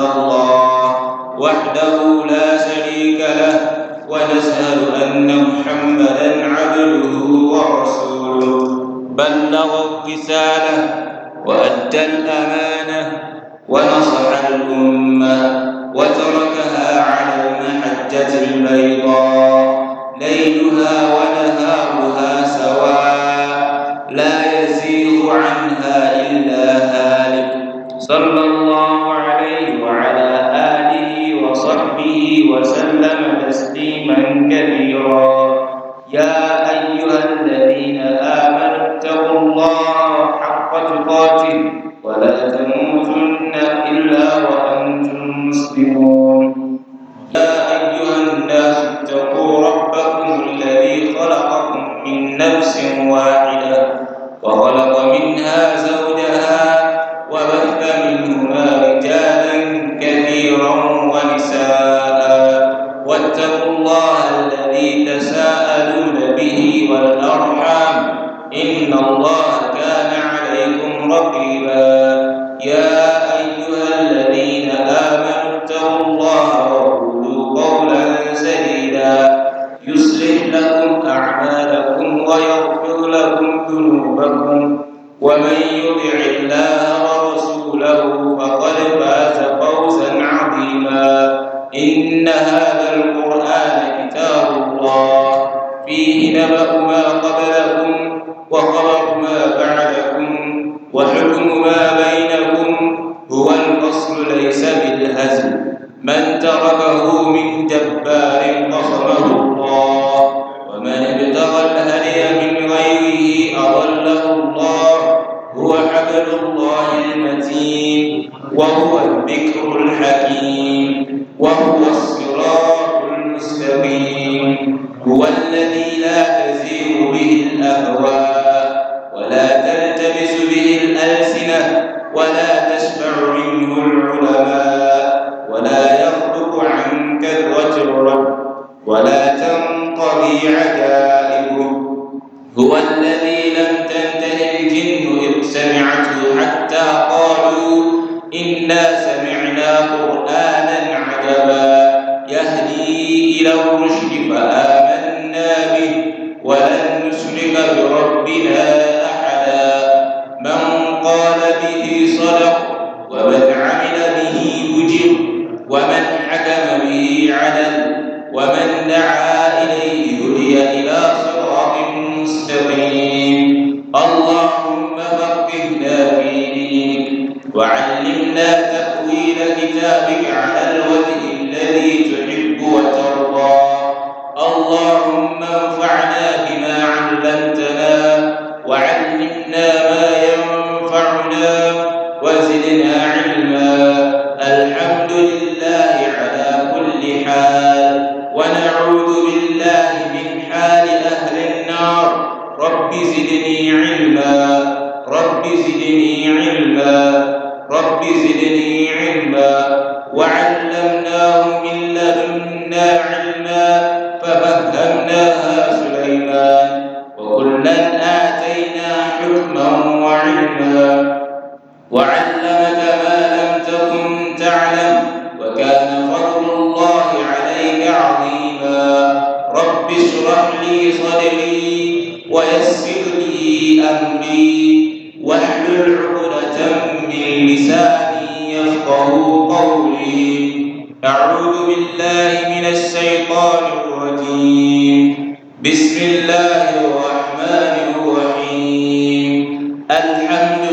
الله وحده لا شريك له ونسأل أن محمدا عبده ورسوله بلغ الرسالة وأدى الأمانة ونصح الأمة وتركها على المحجة البيضاء ليلها ونهارها أجل الله المتين وهو الذكر الحكيم وهو الصلاة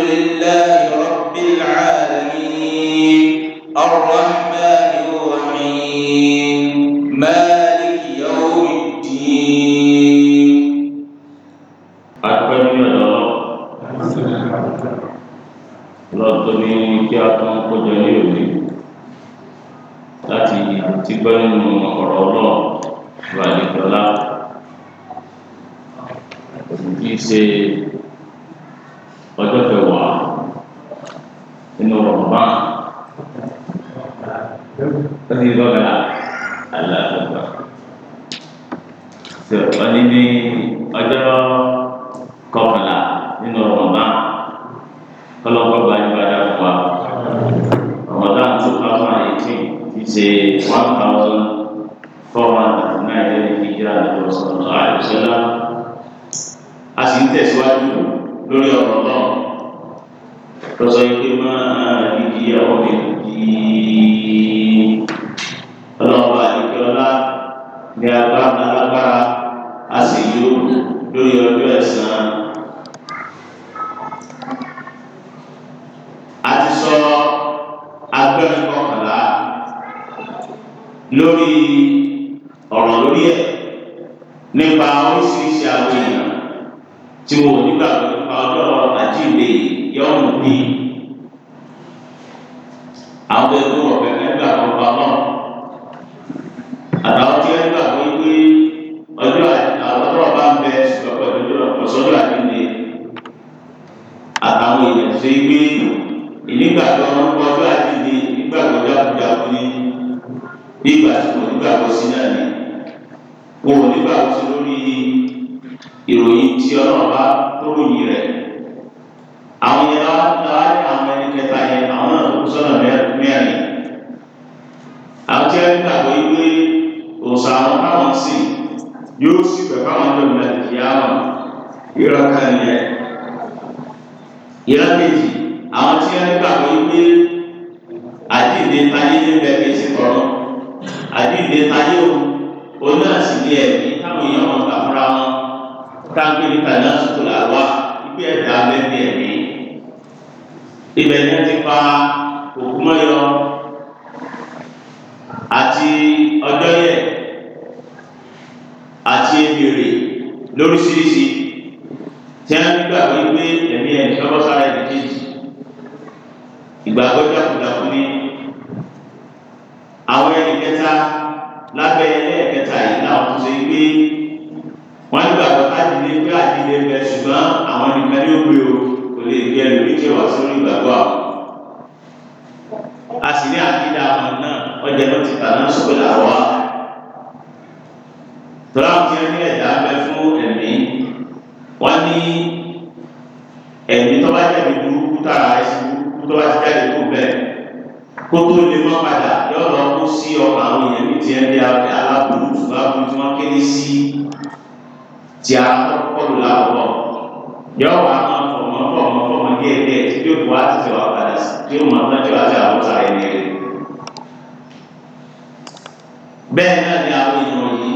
لله dìde táyé o òun náà sì ní ẹ̀mí táwọn èèyàn wọn gbà fúnra wọn káńpé níta náà sùkúl làwà ibi ẹ̀dá bẹ́ẹ̀ ní ẹ̀mí ibẹ̀ ni wọ́n ti pa òkú mọ́yọ àti ọjọ́ yẹ àti ebèrè lóríṣiríṣi tí a ń gbà wípé ẹ̀mí ẹ̀ lọ́wọ́ sára ẹ̀ kejì ìgbàgbọ́ jákujàku ni àwọn ẹni kẹta lábẹ́ ẹlẹ́ẹ̀kẹta yìí náà kò ṣe gbé wọ́n ní gbàgbọ́ ádìlé pé ádìlé bẹ ṣùgbọ́n àwọn nìkan ní òwe o kò lè gbé ẹlòmí jẹ wá sórí ìgbàgbọ́ àwọn. a sì ní àkídà àwọn náà ọjà náà ti tà náà sọ̀rọ̀ làwọ̀ á. tọ́lá ti ń ní ẹ̀dá bẹ fún ẹ̀mí wọ́n ní ẹ̀mí tó bá jẹ̀bi burúkú tára ẹ̀sìn burúkú tó bá ti jáde kó bẹ́ẹ̀ kó tó lè má padà lọ́lọ́ kó sí ọkọ̀ àwọn èèyàn ní ti ẹ̀dẹ́ aláburú ṣùgbọ́n àwọn tí wọ́n kéré sí ti akọ́kọ́lù láwọ̀ yọ wà á máa fọmọ fọmọ fọmọ díẹ̀ díẹ̀ tí yóò kó àti tẹ̀wá padà sí tí yóò máa tọ́jú àti àwọn ọ̀tá ẹni rẹ̀. bẹ́ẹ̀ náà ni àwọn èèyàn yìí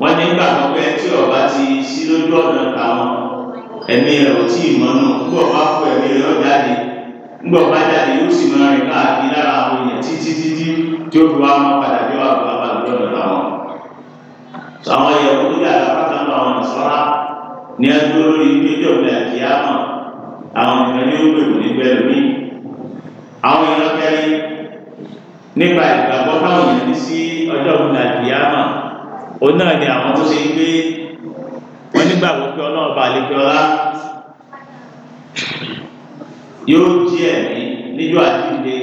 wọ́n ní gbàgbọ́ pé tí ọba ti sí lójú ọ̀nà àwọn ẹ̀mí rẹ̀ ò tí ì mọ́nú kú ọba kú ẹ̀mí rẹ̀ ó ńgbà ọba jáde yóò sì máa rìn káàkiri lára àwọn èèyàn títí títí tí ó fi wá máa padà bí wàá bá wà lójú ọ̀nà táwọn. sọ àwọn ẹ̀yẹ̀wò nígbà àbáta ń lọ àwọn ìṣọ́ra ní ẹgbẹ́ olórí méjì ọ̀gbìn àti àmọ̀ àwọn ìgbẹ́ ní ó gbèrò nígbẹ́ lómi. àwọn èèyàn kẹrin nípa ìgbàgbọ́ táwọn èèyàn ní sí ọjọ́ ọ̀gbìn àti àmọ̀ òun náà ni àwọn tó ṣe gbé wọ́n nígbàgbọ́ pé ọlọ́ọ̀bà àlejò ọlá yóò jí ẹ̀mí níjọ́ àjíǹde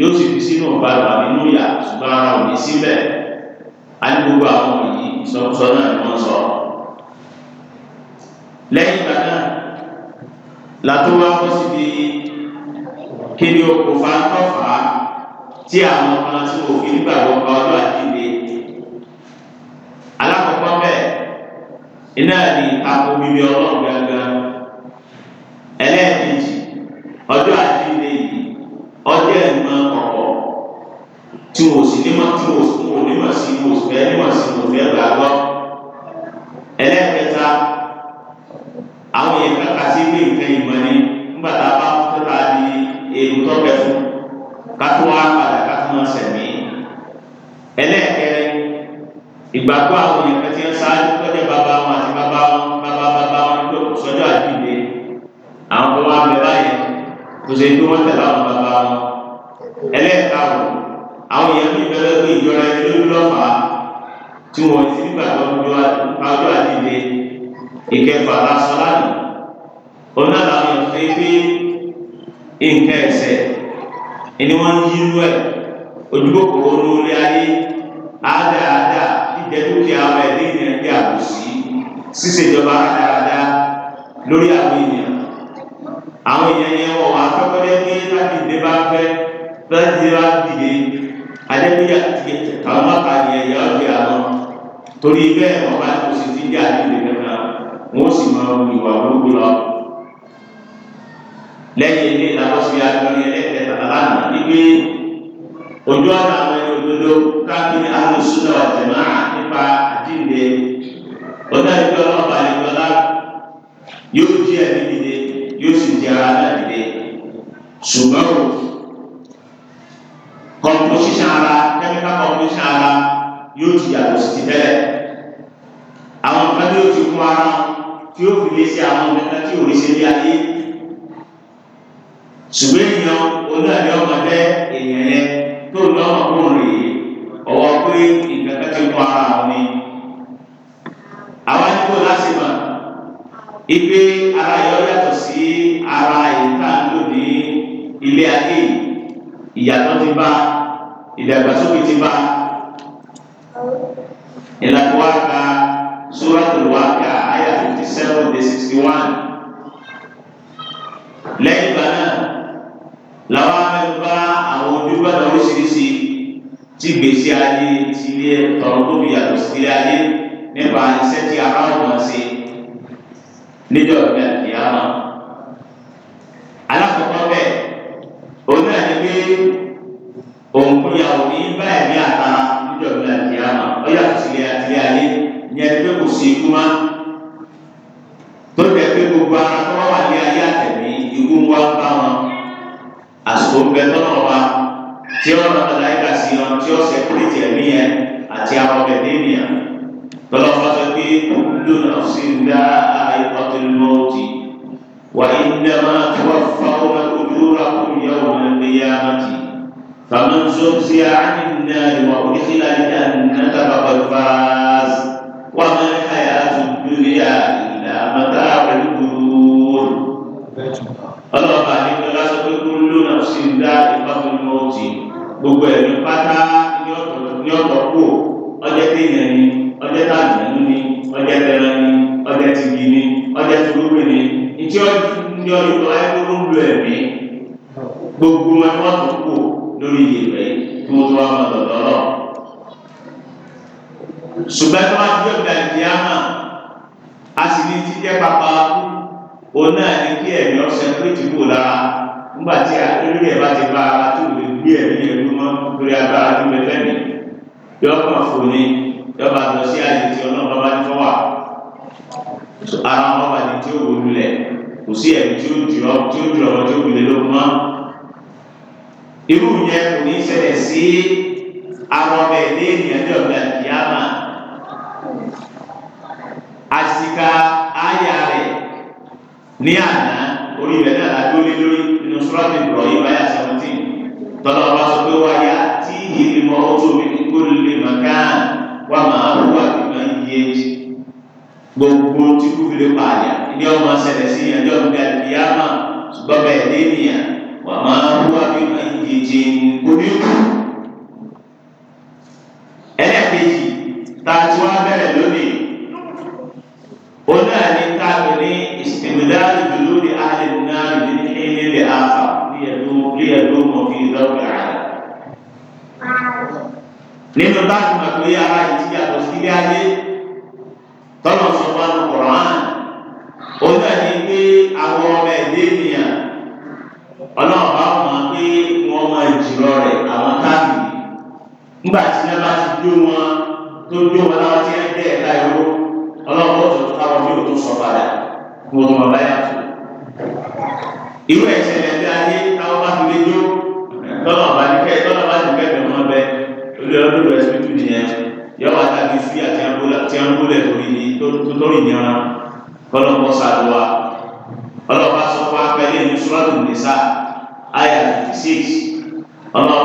yóò sì fi sínú ọ̀bàlùwà nínú ìyà ṣùgbọ́n ara ò ní síbẹ̀ á ní gbogbo àwọn yìí ìsọkúsọ náà ni wọ́n sọ. lẹ́yìn ìgbà náà látúwá fọ́ síbi kí ni okùnfà ń tọ́fà tí àwọn ọmọ tí òfin nígbàgbọ́ pa ọjọ́ àjíǹde alákọ̀ọ́kọ́ bẹ́ẹ̀ iná ni ìtako bíbí ọlọ́run làwọn afẹ́ bá àwọn ojúbọ̀dọ̀ oríṣiríṣi tí gbèsè ayé ti ilé tọ̀rọ̀ tó fi yàtọ̀ sí ilé ayé nípa iṣẹ́ tí aráàlú máa ṣe níjọ́ ìgbà ìyá náà. زحزح عن النار وأدخل الجنة فقد فاز وما الحياة الدنيا إلا متاع الغرور الله بارك لك كل نفس ذائقة الموت gbogbo ẹ̀mí pátá ní ọ̀tọ̀ kú ọjọ́ téèyàn ni ọjọ́ tàbí ni ọjọ́ tẹran ni ọjọ́ tìgì ni ọjọ́ tìlúwì ni ìtí ọjọ́ ní ọdún tó ayé gbogbo ẹ̀mí gbogbo ẹ̀mí ọ̀tọ̀ kú lórí ṣùgbọ́n tó bá gbé ọ̀gá ìdíyàmà a sì ní jíjẹ́ pápá òun náà ní kí ẹ̀mí ọ̀sẹ̀ tó ti wò lára nígbà tí orí ẹ̀ bá ti bá ara tó lè gbé ẹ̀mí yẹn ló mọ́ lórí agbára tó lè fẹ́ mi yọ ọkàn fòní yọ bá lọ sí àyè tí ọlọ́run bá ní fọ́ wà ara wọn bá ní tí ó wò lulẹ̀ kò sí ẹ̀mí tí ó dìrọ̀ tí ó dìrọ̀ tí ó wulẹ̀ ló mọ́ irú yẹn kò ní ṣẹlẹ̀ sí arọ́bẹ̀ lé ènìyàn ní ọ̀gá ìdíyàmà ti ka àyà rẹ̀ ní àná orí rẹ̀ náà lájú lé lórí nínú sọ́ọ̀tì ìbùrọ̀ yìí báyà seventeen tọ́lá ọba sọ pé wáyà tí ìyè mọ́ ojú mi kó lè màkàn wà máa ń wà kí máa ń yé gbogbo tí kú fi lè pààyà ní ọmọ ṣẹlẹ̀ sí ẹjọ́ ìgbàlùkìyàmà ṣùgbọ́n bẹ́ẹ̀ dé nìyà wà máa ń wà kí máa ń yé jẹ́ oníkù ẹlẹ́ẹ̀kejì tá a ti wá bẹ̀rẹ̀ lórí. ní ìsìnkìmìláàrí dùdú ní àlè náà ní ilé lè àfà ní ẹ̀dọ́ mọ̀ fi ìdọ́gba rẹ̀. nínú láti mọ̀ pé ara yìí ti yàtọ̀ sílé ayé tọ́lọ̀ sọ wọn kọ̀ọ̀rọ̀ hàn ó náà ní pé àwọn ọmọ ẹ̀dẹ́ ènìyàn ọlọ́run bá wọn pé wọ́n máa jìrọ̀ rẹ̀ àwọn káàdì nígbà tí wọ́n bá ti dó wọn tó dó wọn láwọn tí wọ́n dẹ̀ ẹ̀ka ìró ọlọ́run ó tún káwọn bí ó tún sọ padà mo tún bàbá yà tó irú ẹ̀ṣẹ̀lẹ̀ bí ayé táwọn bá fi lé jó tọ́lọ̀ bá ní kẹ́ tọ́lọ̀ bá ti kẹ́ tẹ̀ mọ́ bẹ́ẹ̀ olè ọdún rẹ̀ sí tún nìyẹn yọ wà tàbí sí àti àǹbólẹ̀ torí ni tó rìn yẹn wọn kọ́lọ̀ kọ́ sáré wa ọlọ́pàá sọ fún apẹ́lẹ́ ní sùrọ́tù nìsa ayà 56 ọlọ́pàá.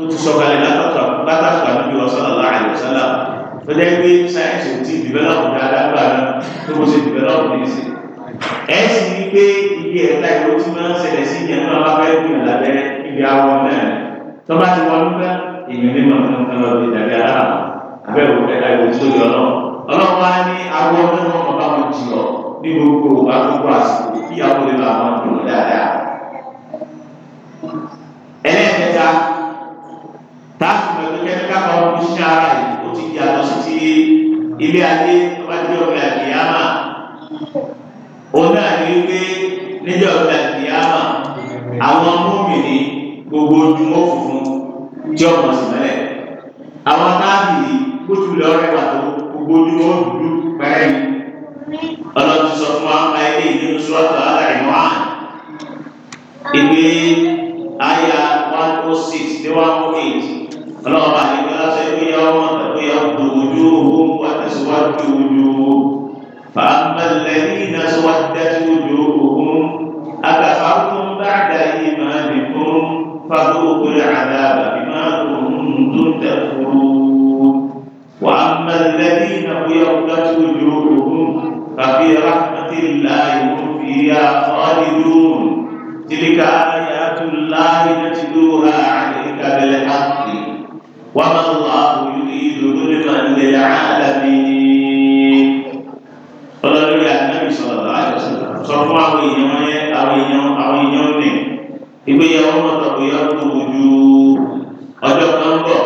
tó ti sọ̀kalẹ̀ látàkà níbi ọ̀sánàlá àìyọ̀sánà tó jẹ́ pé sáyẹ́ǹsì ti dìbẹ́lọ́pù dáadáa gbà náà tó mo ṣe dìbẹ́lọ́pù ní ìsìn ẹ̀ sì ní pé iye ẹ̀ka ìlú tí wọ́n ń ṣẹlẹ̀ sí ìyẹn náà bá fẹ́ gbìyànjú lábẹ́ ibi àwọn náà tó bá ti wọnú náà èèyàn ní màmú nǹkan lọ sí ìdàgbé ara abẹ́ òkú ẹ̀ka ìlú tó yọ náà ọlọ́run wá bá wọn táàkì pẹ̀lú kẹ́míkà kan ó ṣe ara yìí ó ti di àlọ́ sí ti ilé ayé ọba tí ọ̀gbìn àgbìyàmà òun náà ní wípé níjọ́ ọ̀gbìn àgbìyàmà àwọn mọ́mìnì gbogbo ojúmọ́ funfun tí ọ̀pọ̀ sì mẹ́lẹ̀ àwọn táàkì kótó lọ́rẹ́ wà tó gbogbo ojúmọ́ dúdú pẹ́rẹ́ yìí ọlọ́run sọ fún wa ayé ìdílé sọ́ọ̀tọ̀ alárìnwá ìwé àyà one oh six dé one oh eight. ọlọ́run àyíká ṣe pé ọmọ pé ọdún ojú ohun wà tẹ̀síwájú ojú ohun fàámẹ́lẹ́ ní ìdásíwájú ojú ohun àgbàfàkùn bàdà yìí máa nìkún fàdókòrè àdáàbà bí máa kún tó tẹ̀kúrú. وأما الذين ابيضت وجوههم ففي رحمة الله هم فيها خالدون تلك آيات الله نتلوها عليك بالحق وما الله يريد ظلما للعالمين فلو يا النبي صلى الله عليه وسلم صفوا ويوم أو يوم أو يوم ibi yẹwò mọtò bóyá tó ojú ọjọ́ kan bọ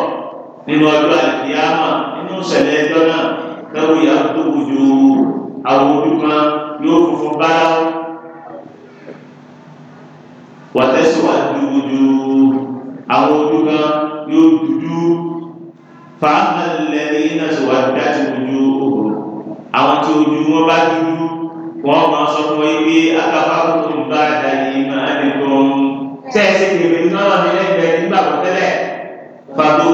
nínú ọjọ́ àìyáàmà nínú ṣẹlẹ̀ ẹjọ́ ojú àwọn ojú kan yóò dúdú fàáfà lẹ́yìn iná ṣòwò àdájú ojú òhùn àwọn tí ojú wọn bá dúdú wọn máa sọ fún wọn pé akáfà kò ń bá àdáyé máa ń dùn sẹ́ẹ̀sì kìrìbì ní wọn lọ́ọ́ nígbà kọ́tẹ́lẹ̀ fàdó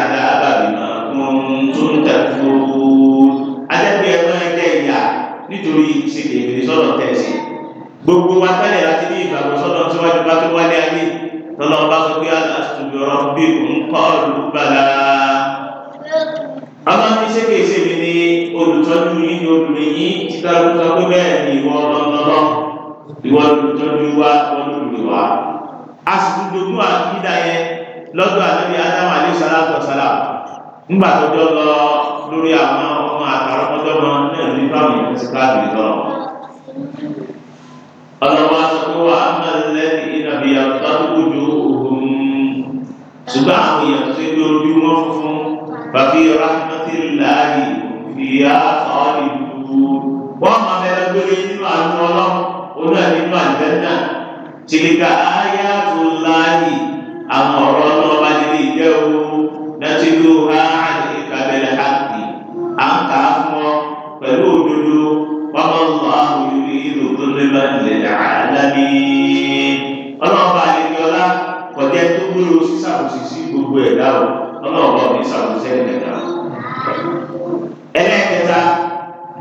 àdá àbàbí máa kún tó ń àwùjọ lọ lórí àwọn ọmọ àtàrọmọdọ́mọ náà ní báwọn yẹn ti káàdì lọ. ọlọ́wọ́ aṣọ wa amẹ́lẹ́ ìnàbí àtàkùjú òhun ṣùgbọ́n àwọn èèyàn tó gbé ojú wọn fún bàbí rahmatulahi ìyá ọ̀ọ́dìbò wọ́n máa bẹ̀rẹ̀ gbére nínú àánú ọlọ́run oní àdínú àjẹ́nà tìlíkà ayatollah àwọn ọ̀rọ̀ ọlọ́run bá nílé à ń kà á fún ọ pẹ̀lú òdodo wàhálà ọ̀hún yìí ìlú tó lé bá ilẹ̀ àdáni ọlọ́ọ̀bá àdéjọ́lá kọjá tó gbúrò sísàkóso sí gbogbo ẹ̀dá o ọlọ́ọ̀bá mi sàkóso ẹ̀dá ẹlẹ́kẹta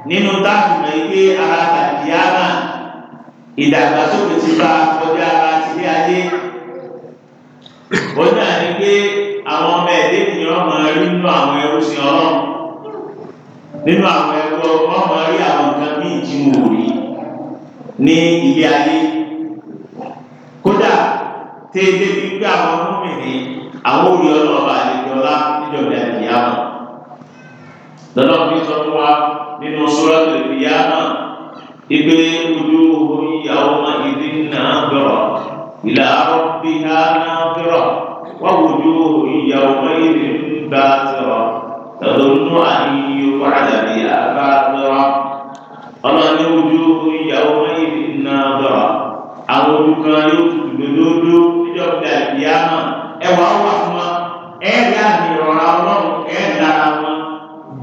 nínú táàmù ìgbé ara tàbíyámà ìdàgbàsókè ti bá kọjá ara ti dé ayé ó náà ní pé àwọn ọmọ ẹ̀dẹ́ ènìyàn rí nínú àwọn ẹrú sí ọlọ́run nínú àwọn ẹgbẹ́ ọgbọ́n máa rí àwọn nǹkan bí ìjìmọ̀ rí ní ilé ayé kódà téèdé gbígbé àwọn múmìnì àwọn òye ọlọ́ọ̀bà àlejò ọlá níjọba ìyáma lọ́nà bí sọ fún wa nínú sọ́ọ́tò ìyáma ìgbé ojú ohun ìyàwó máa ìdí náà gbọ́rọ̀ ìlà àárọ̀ bí náà gbọ́rọ̀ wọ́n ojú ohun ìyàwó máa ìdí náà gbọ́rọ̀. تظن أن يفعل بها فاقرة قال وجوه يومئذ ناظرة أو يكايوت بدود يوم القيامة أو أوهما أيها الرحمن أيها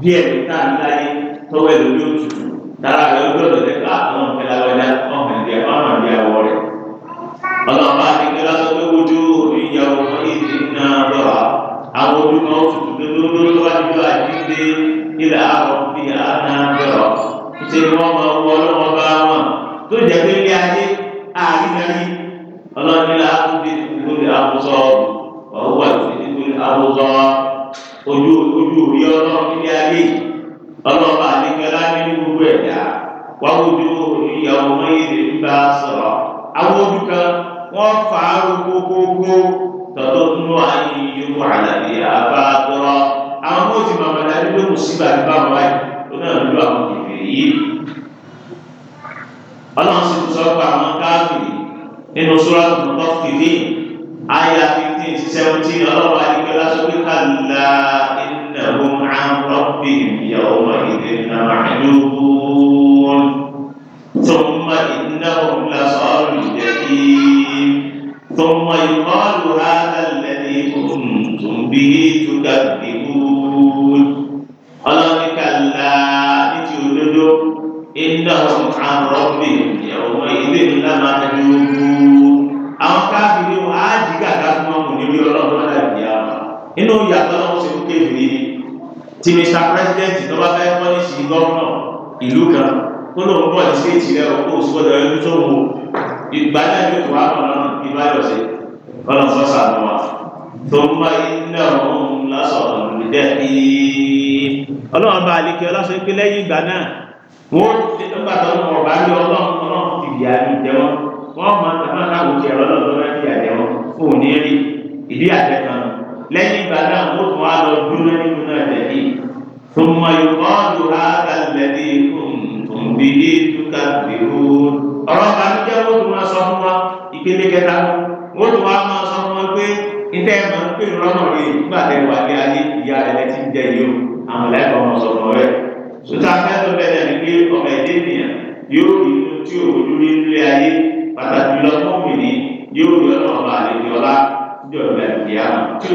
بيئة الله توجد يوتيوب ترى يوجد لك أمام كلا ولا أمام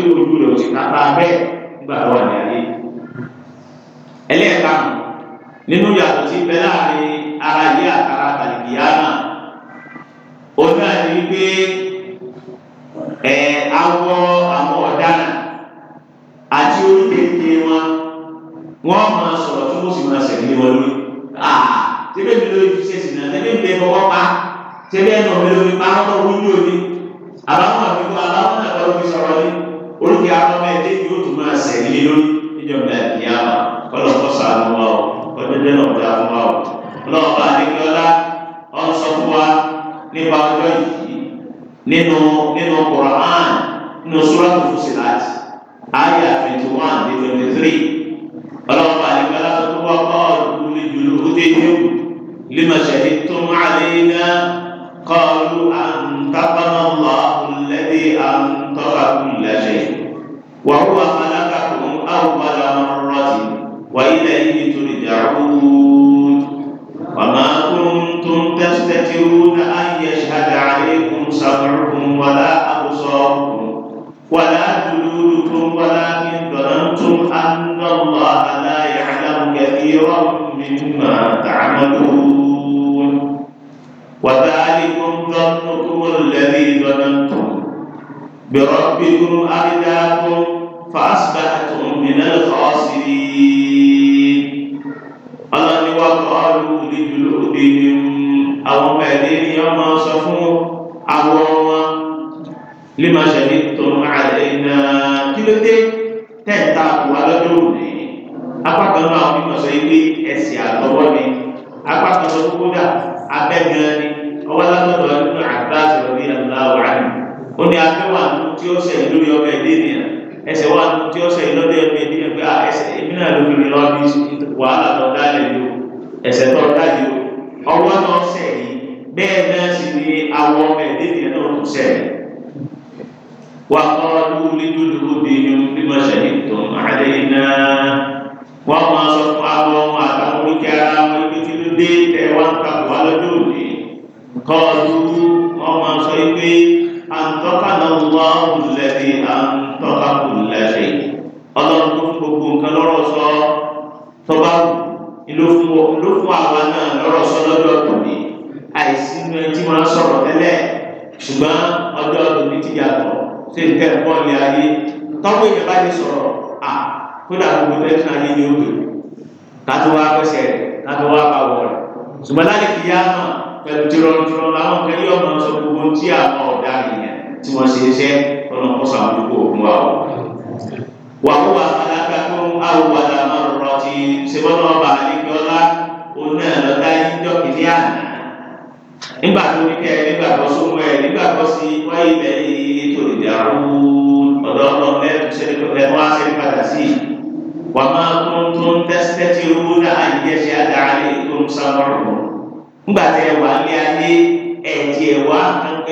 pé ojú rẹ̀ ò sì kápá bẹ́ẹ̀ nígbà tó wà ní ayé. ẹlẹ́ẹ̀kan nínú yàtọ̀ sí bẹ́ẹ̀ láàrin ara yé àkàrà àtàlìkìyà náà òun náà ní wípé ẹ awọ àwọn ọ̀daràn àti oríkèéké wọn wọ́n máa sọ̀rọ̀ tí wọ́n sì máa sẹ̀lé wọn lórí. tẹ́lẹ̀ mi lórí fi ṣèṣì náà tẹ́lẹ̀ mi lè fọwọ́ pa tẹ́lẹ̀ mi lórí pa ọ́nà wúlò ni àbáwọn àbíkọ́ àbáwọn àbáwọn fi sọ̀rọ̀ ni oríkì arọ́mọ ẹdẹ yóò tún máa sẹ̀lé lórí níjọba ìyá wa kọ́lọ̀ kọ́sà àwọn wa o kọ́jọ́jọ́ náà dá fún wa o. ọlọ́ọ̀bá adékọ́lá ọ̀n sọ fún wa nípa ọjọ́ yìí nínú nínú Qur'an nínú Suratul Fusilat ayà twenty one dé twenty three ọlọ́ọ̀bá adékọ́lá tó tó wá kọ́ ọ̀dùnkún ní jùlọ ó dé yẹ́wò lima shahidtum alayna qalu. وهو خلقكم أول مرة وإليه ترجعون وما كنتم تستترون أن يشهد عليكم سمعكم ولا أبصاركم ولا جلودكم ولكن ظننتم أن الله لا يعلم كثيرا مما تعملون وذلكم ظنكم الذي ظننتم بربكم أرداكم فأصبحتم من الخاسرين الله وقالوا لجلودهم أو بعدين يوم صفوا أو لما شهدتم علينا كلتين tẹ́ẹ̀ta àkùwá lọ́jọ́ òní apákan náà àwọn mímọ̀ sọ ilé ẹ̀sìn àtọwọ́ ni apákan sọ kódà abẹ́gan ni ọwọ́ látọ̀dọ̀ nínú àgbà àtọ̀rọ̀ ní àgbà wàhálà ó ní afẹ́wà tí ó sẹ̀ lórí ọbẹ̀ lẹ́nìyàn ẹsẹ̀ wa tí ọ̀sẹ̀ yìí lọ́dọ̀ ẹ̀mí ẹ̀mí ẹ̀mí à ẹsẹ̀ èmi náà ló fi mi lọ bí wàhálà tó dálẹ̀ yìí o ẹsẹ̀ tó dálẹ̀ yìí o ọwọ́ náà sẹ̀ yìí bẹ́ẹ̀ náà sì ni awọ ọmọ ẹ̀dẹ́gbẹ̀ẹ́ náà tó sẹ̀ yìí. wà á kọ́ ọdún lójú lóru bí inú bí mo ṣe ní tó àlẹ́ iná wọ́n máa sọ fún awọ ọmọ àtàwọn oríkẹ́ ara wọn ibi tí ló dé tẹ̀ wá ń takò alọ́jọ́ òní kọ́ ọdún wọ́n máa sọ ẹ̀sìn ọlọ́run tó fún gbogbo nǹkan lọ́rọ̀ sọ tọ́ba ló fún àwa náà lọ́rọ̀ sọ lọ́dọ̀ tòní àìsí inú ẹtí máa sọ̀rọ̀ tẹ́lẹ̀ ṣùgbọ́n ọjọ́ tòní ti yàtọ̀ ṣé n tẹ́ pọ́ ní ayé tọ́wọ́ èèyàn bá ti sọ̀rọ̀ à kódà gbogbo tẹ́sán ayé ni ó bèrè kátó wá pẹ́sẹ̀ kátó wá bá wọ̀ rẹ̀ ṣùgbọ́n láti fi yá náà pẹ̀lú tìrọ̀tìrọ̀ làwọn kẹ́lí ọ̀nà sọ àwọn ọ̀daràn wà ó wà alágbàgbọ́ àwòwàlà ọ̀rọ̀ ti ṣèbọ́nà ọba àdéjọ́lá òun náà lọ́dá yíjọ́ kìíní àná nígbà tó ní kẹ́ nígbà tó súnmọ́ ẹ̀ nígbà tó sí wáyé bẹ́ẹ̀ ètò ìdàrú ọ̀dọ́ ọ̀dọ́ mẹ́rin ṣẹlẹ̀ tó fẹ́ wá ṣẹlẹ̀ padà sí i wà máa tún tún tẹ́sítẹ́ ti rú náà yẹ ṣe àdára lè tó ń sámọ́rọ̀ nígbà tẹ́ wà ní ayé ẹ̀jẹ̀ wá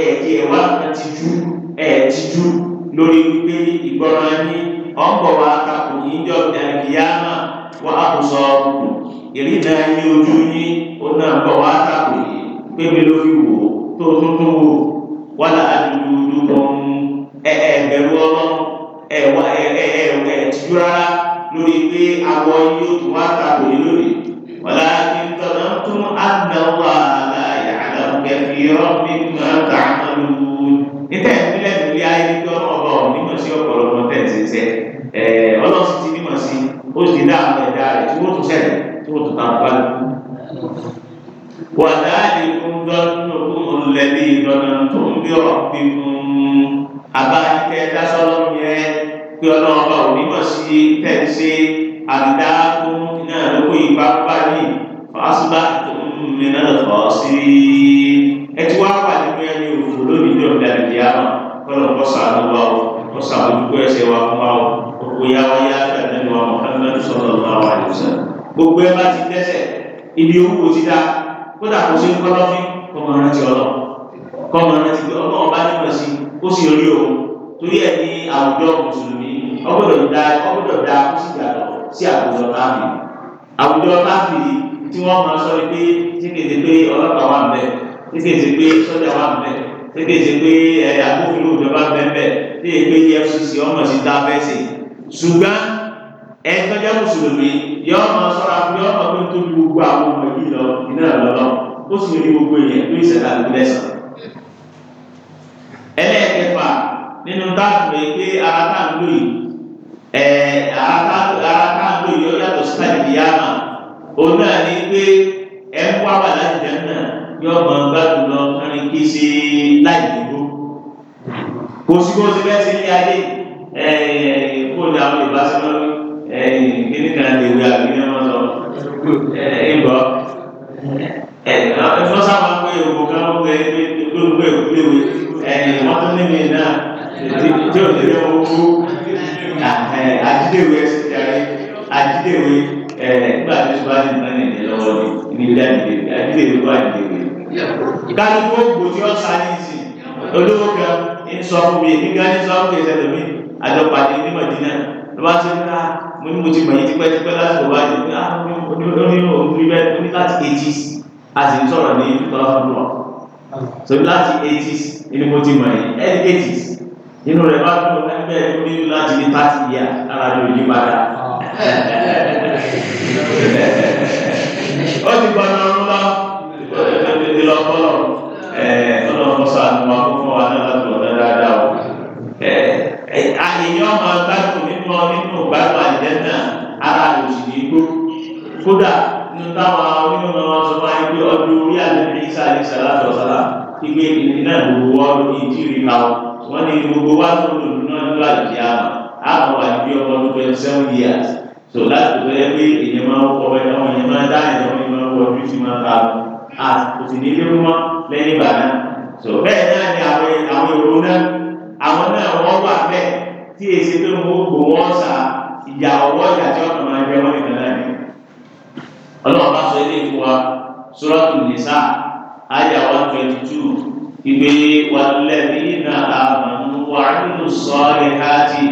ẹ̀jẹ̀ wá ti ju ẹ̀ ti ju lórí wípé ìgbọràn yín ọ̀pọ̀ wa kakò yìí jọ ìyáàmà wà á kò sọ ọkùnkùn ìrìnà ẹni ojú yín ó náà ń bọ̀ wá kakò yìí pé mi ló fi wò ó tó tuntun wò wà á dúdú kan ẹ ẹ bẹ̀rù ọlọ́ ẹ wà ẹ ẹ ẹ ẹ tìjú rárá lórí pé awọ yìí ó tún wá kakò yìí lónìí wà á ti tọ̀nà tún àdáwà àlàyé àdàbẹ̀ fi rọ́ mi máa tà á lù ú. Eh, ọlọ́run sì ti mímọ̀ sí ó sì dá àwọn ẹ̀dá rẹ̀ tí wọ́n tún sẹ́lẹ̀ tí wọ́n tún ta bá lù. wàdà àdìgún dọ́nùkún lẹ́bí ìdọ́nà tó ń bí ọ̀rọ̀ bí abáyíkẹ́ dásọ́lọ́ yẹn pé ọlọ́run bá òní mọ̀ sí tẹ̀sí àdá fún náà lóko ìbá parí fàásùbà tó ń mìíràn lọ́tọ̀ sí ẹ ti wá wà nínú ẹni òfò lónìí ní ọ̀dà ìdí àmọ́ kọ́lọ̀ kọ́sà ló wà ó kọ́sà lójú kó fún wa ó òyà ọyà àtàlẹ́nu wa Muhammad sallallahu alaihi wasallam gbogbo ẹ bá ti dẹ́sẹ̀ ibi owó ti dá kódà kó sí kọ́lọ́fín kọ́mọ rántí ọlọ́ kọ́mọ rántí pé ọlọ́run bá nígbà sí ó sì rí òun torí ẹ̀ ní àwùjọ mùsùlùmí ọgbọ́dọ̀ da ọgbọ́dọ̀ da kó sì yàtọ̀ sí àwùjọ táàbì àwùjọ táàbì tí wọ́n máa sọ pé tí kèsè pé ọlọ́pàá wà ń bẹ̀ tí kèsè pé sọ́jà wà ń bẹ̀ tí kèsè pé ìjọba ń bẹ̀ ń bẹ̀ EFCC ọmọ sí tá a ṣùgbọ́n ẹ̀tọ́ jẹ́ mùsùlùmí yọ ọmọ sọ́ra fún yọ ọmọ tó ní gbogbo àwọn ọmọ yìí lọ iná lọ́lọ́ ó sì ní gbogbo èèyàn tó ìṣẹ̀dá tó lẹ́sàn. ẹlẹ́ẹ̀kẹfà nínú táàbù rẹ̀ pé ara táàbù yìí ẹ̀ ara táàbù yìí ó yàtọ̀ sí tàbí yáàmà òun náà ní pé ẹ̀ ń wá wà láti jẹun náà yọ ọmọ gbádùn lọ kárí kí ṣe láì dìbò kò sí kó ti bẹ́ẹ̀ sí ní ayé ní àwọn yorùbá sí ẹ̀yìn kíní kan lè wí àbí ní wọn sọ ìbọn ẹ̀fọ́ sábà pé òkú kan ń pè é gbogbo ìwé ẹ̀yìn wọn tún níbi náà tí ò lè wọ́n kú àdídéwé ẹ̀sìn jáde àdídéwé nígbà tí bá ti nà ní ìdílé lọ́wọ́ ní ilé àdídéwé àdídéwé wà àdídéwé. kálukú ògbò tí ó sá ní ìsìn olówó kan ń sọ fún mi nígbà tí sọ fún ìṣẹ̀lẹ̀ mi àjọpàdé ní Mọ̀dínà ló bá ṣe níta mo ní mo ti mọ̀yí tipẹ́tipẹ́ láti wọ́n báyìí ah, ní oní omi bẹ́ẹ̀ oní láti eighties a sì ń sọ̀rọ̀ ní two thousand one so láti eighties ni mo ti mọ̀yí early eighties inú rẹ̀ bá dùn ẹgbẹ́ orí láti ní thirty year ara rẹ̀ ò yí padà ah. ó ti gbọ́dọ̀ ọ̀run lọ ìlọ́kọ́lọ́ ọlọ́run sọ àtúnwá fún wa náà láti ọ̀dọ́ dáadáa o àyèyàn ọmọ gbádùn nínú nínú gbádùn àjẹ náà ara òsì ní igbó kódà nínú táwọn onímọ̀ wọn sọ máa ń gbé ọdún orí àlejò isa ní sàlátọ̀ sàlá ìgbé ìdílé náà gbogbo wọn ní ìjírí náà wọn ní gbogbo wa tó ń lò náà ló àjẹ àmà àmọ̀ wà ní bí ọmọ ọdún twenty seven years so láti tó yẹ pé èyí máa ń kọ́ ẹ̀ ọmọ yẹn máa dá ẹ̀ ọmọ yẹn wọ ojú tí máa ń ta àti kò sì ní ilé mọ́ lẹ́yìn ìgbà so bẹ́ẹ̀ náà ni àwọn èrò náà àwọn náà wọ́n wà bẹ́ẹ̀ tí èsì pé mo gbò wọ́n sà ìyà ọwọ́ ìyà tí ọ̀nà máa jẹ wọ́n nìkan náà ni. ọlọ́run bá sọ ilé ìfowó suratul nisa àyà one twenty two ìgbé walladhina amanu wa 'amilus salihati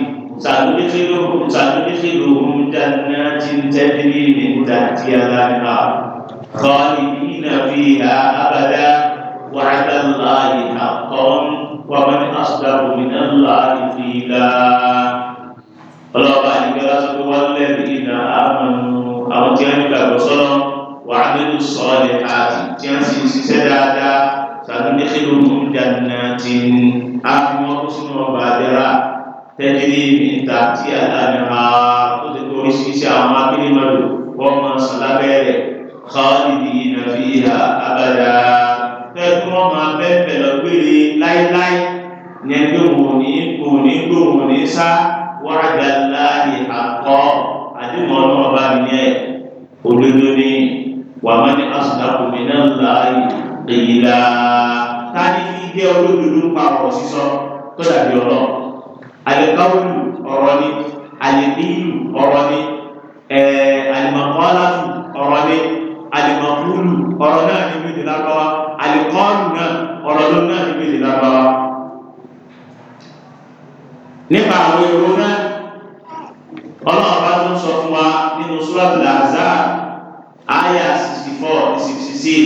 سندخلهم سندخلهم جنات تجري من تحتها الأنهار خالدين فيها أبدا وعد الله حقا ومن أصدق من الله قيلا ọlọ́ba àdìgbẹ́lá sọ pé wọ́n lẹ́bi iná àmọ́nù àwọn tí wọ́n ń gbàgbọ́ sọ́nà wà á nínú sọ́ọ́ lè àti tí wọ́n sì ń ṣiṣẹ́ dáadáa tàbí dékèlú fún ìdáná tí ń áfi wọn kó sínú ọgbà àdẹ́rà tẹ́lẹ̀ ní ìta tí àdáni ha tó ti kó oríṣiríṣi àwọn akérèmọ́lò wọ́n máa sọ rẹ̀ kọ́ ìdí ìnàfíà tẹ́tí wọ́n máa bẹ́ẹ̀ lọ gbére láíláí ní ẹgbẹ́ òun ní òun ní gbóhùn ní sá wọ́rájà láàyè àkọ́ àdìmọ̀ ọlọ́run bá mi yẹ òdodo ní wàmọ́ ní asùnàkùn mi náà láàyè èyí la ta ni fi jẹ́ olódodo ń pa ọ̀rọ̀ sísọ tó dàbí ọ̀rọ̀ àlẹ́káwọ́lù ọ̀rọ̀ ni àlẹ́bíyù ọ̀rọ̀ ni àlẹ́mọ̀kọ́lá ọ̀rọ̀ ni àlẹ́mọ̀kúlù ọ̀rọ̀ náà ni mí àlìkọ́ọ̀nù náà ọ̀rọ̀ ló náà níbi ìdílé àbáwá. nípa àwọn èrò náà ọlọ́run bá tún sọ fún wa nínú suratul Ahzab àyà sixty four sixty six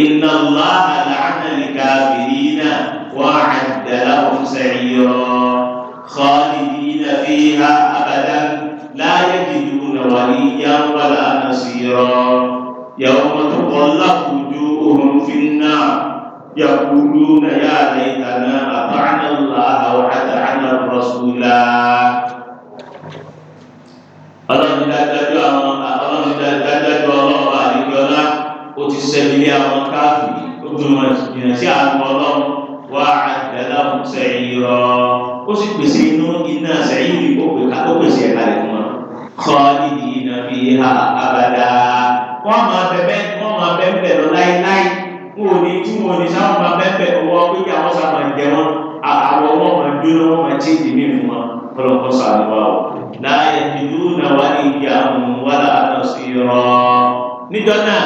inna Allaha la'ana al-kafirina wa 'adda lahum sa'ira khalidina fiha abadan la yajiduna waliyyan wala nasira. يوم تقلب وجوههم في النار يقولون يا ليتنا أطعنا الله وأطعنا الرسول ọlọ́run dájú àwọn ọlọ́run dájú ọlọ́run àdìgbọ́lá ó ti sẹ́bílé àwọn káàfì ó dùnmọ̀ jìnnà sí àwọn ọlọ́run wá àdàlà sẹ́yìn rọ ó sì pèsè inú iná sẹ́yìn rí ó pèsè ẹ̀ka lẹ́kùn wọn kọ́ nídìí wọ́n máa bẹ̀bẹ̀ wọ́n máa bẹ̀bẹ̀ lọ láíláí wọn ò ní tí wọn ò ní sáwọn máa bẹ̀bẹ̀ ọwọ́ pé kí àwọn sábà ń jẹ wọn àwọn wọn máa dúró wọn máa tí ìdí mímu wọn kọlọkọ sàlùwà o láàyè ìlú nàwa ní ìdí àwọn wàlà àtọ̀sí rọ. níjọ náà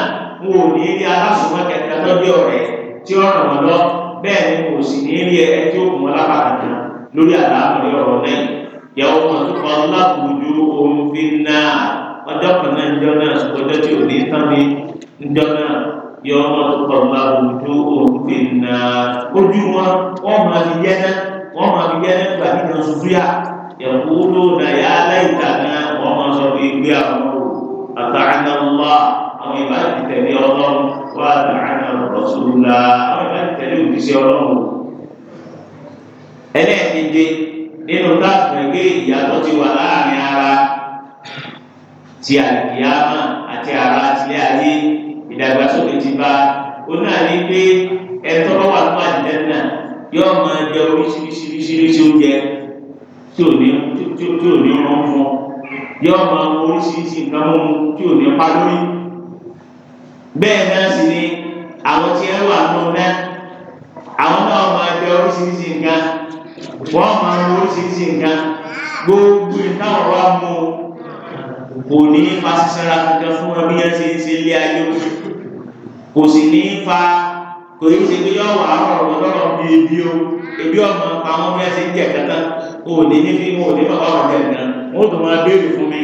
wọn ò ní rí alásùnmọ́ kẹta lọ́jọ́ rẹ̀ tí ó ràn wọ́n lọ bẹ́ẹ̀ ni kò sì ní rí ẹ tí ó kùn wọn lápàdà lórí àlàáfíà ọ̀rọ̀ náà yàwó ọjọ́ kan náà ńjọ́ náà ọjọ́ tí ò ní tán ní ńjọ́ náà yọ ọmọ tó kọ̀ bá ojú òfin náà ojú wọn wọ́n máa fi yẹ́ náà wọ́n máa fi yẹ́ náà gbà nínú sùfúyà yẹ̀kú ló nà yá láìka náà wọ́n máa sọ fún ìgbé àwọn àtàánà wá àwọn ìbáàdì tẹ̀lé ọlọ́run wá àtàánà rọ̀ṣùlá àwọn ìbáàdì tẹ̀lé òjíṣẹ́ ọlọ́run ẹlẹ́ẹ̀kejì nínú táàpù ẹgbẹ́ ìyàtọ̀ ti wà láàrin ara ti àlùkìyàmà àti ara àtìlẹ́ ayé ìdàgbàsókè ti bá ó náà ní pé ẹ̀tọ́ bá wà fún àdìdẹ́ náà yóò máa jẹ oríṣiríṣiríṣi oúnjẹ tí ò ní tí ò ní rán fún ọ yóò máa mú oríṣiríṣi nǹkan mú tí ò ní pa lórí bẹ́ẹ̀ náà sì ni àwọn tí ẹ wà nù náà àwọn náà máa jẹ oríṣiríṣi nǹkan wọ́n máa mú oríṣiríṣi nǹkan gbogbo ìtàn ọ̀rọ̀ mú kò ní fa sísẹ́ra kankan fún ẹbí yẹn ṣe ń ṣe ilé ayé kò sì ní fa kò ní ṣe pé yọ̀wọ̀ àwọn ọ̀rọ̀ lọ́rọ̀ bí ebi o ebi ọmọ àwọn ọmọ yẹn ṣe ń jẹ kẹta kò ní ní fi wọn ò ní bàbá wọn jẹ nǹkan wọn ò tó máa béèrè fún mi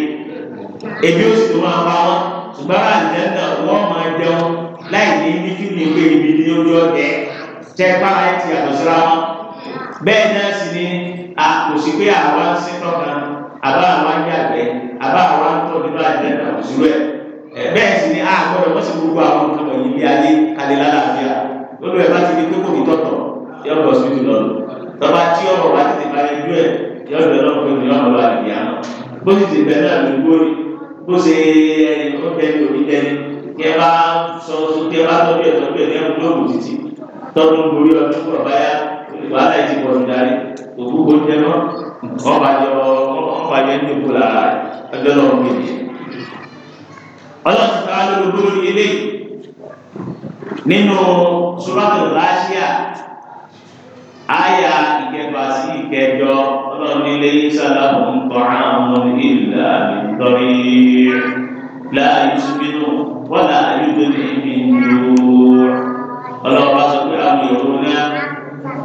ebi ó sì tó máa pa wọn ṣùgbọ́n àlùjẹ́ náà wọ́n máa jẹun láì ní ní kí ni pé ibi ní ojú ọ̀dẹ́ tẹ́ bá láì ti àtọ̀síra wọn bẹ́ẹ̀ náà sì ni a kò sí pé àwọn ń tọ́ka aba àwọn ajáàgbẹ́ àbá àwọn atọ́ nínú àjẹ́ náà kò sí rẹ̀ bẹ́ẹ̀ sì ni àgbọ̀dọ̀ wọ́n sì gbogbo àwọn nǹkan wọ̀nyí ilé ayé kalẹ̀ lálàáfíà lórí ẹ̀ bá ti di kókò nítọ̀tọ̀ yọ lọ sí ìlọ tọba tí ọ̀rọ̀ bá ti bá ẹjú ẹ yọ lọ lọ pé ní ọ̀rọ̀ bá nìyà náà bó sì ti bẹ náà lóko rí bó ṣe ẹni tó bẹ ní orí tẹni kẹ bá sọ sókè bá tọ́jú ẹ̀ tọ́jú ẹ̀ ní ẹ̀ lóògùn títí tọ́jú borí wàhálà yìí ti bọ̀ nídarí òkú kò jẹ mọ́ ọba jẹ ọba jẹ ní òkú lára ẹgbẹ́ náà ń gbèdé. ọlọ́run ta ló lóko lórí ilé nínú suratul Ghashiya àyà ìkẹfà sí ìkẹjọ ọlọ́run ilé sálà ń kọ́ àwọn ìlà ìtọ́rí láàyè sùgbínú wọ́n láàyè tó ní ìdúró ọlọ́run.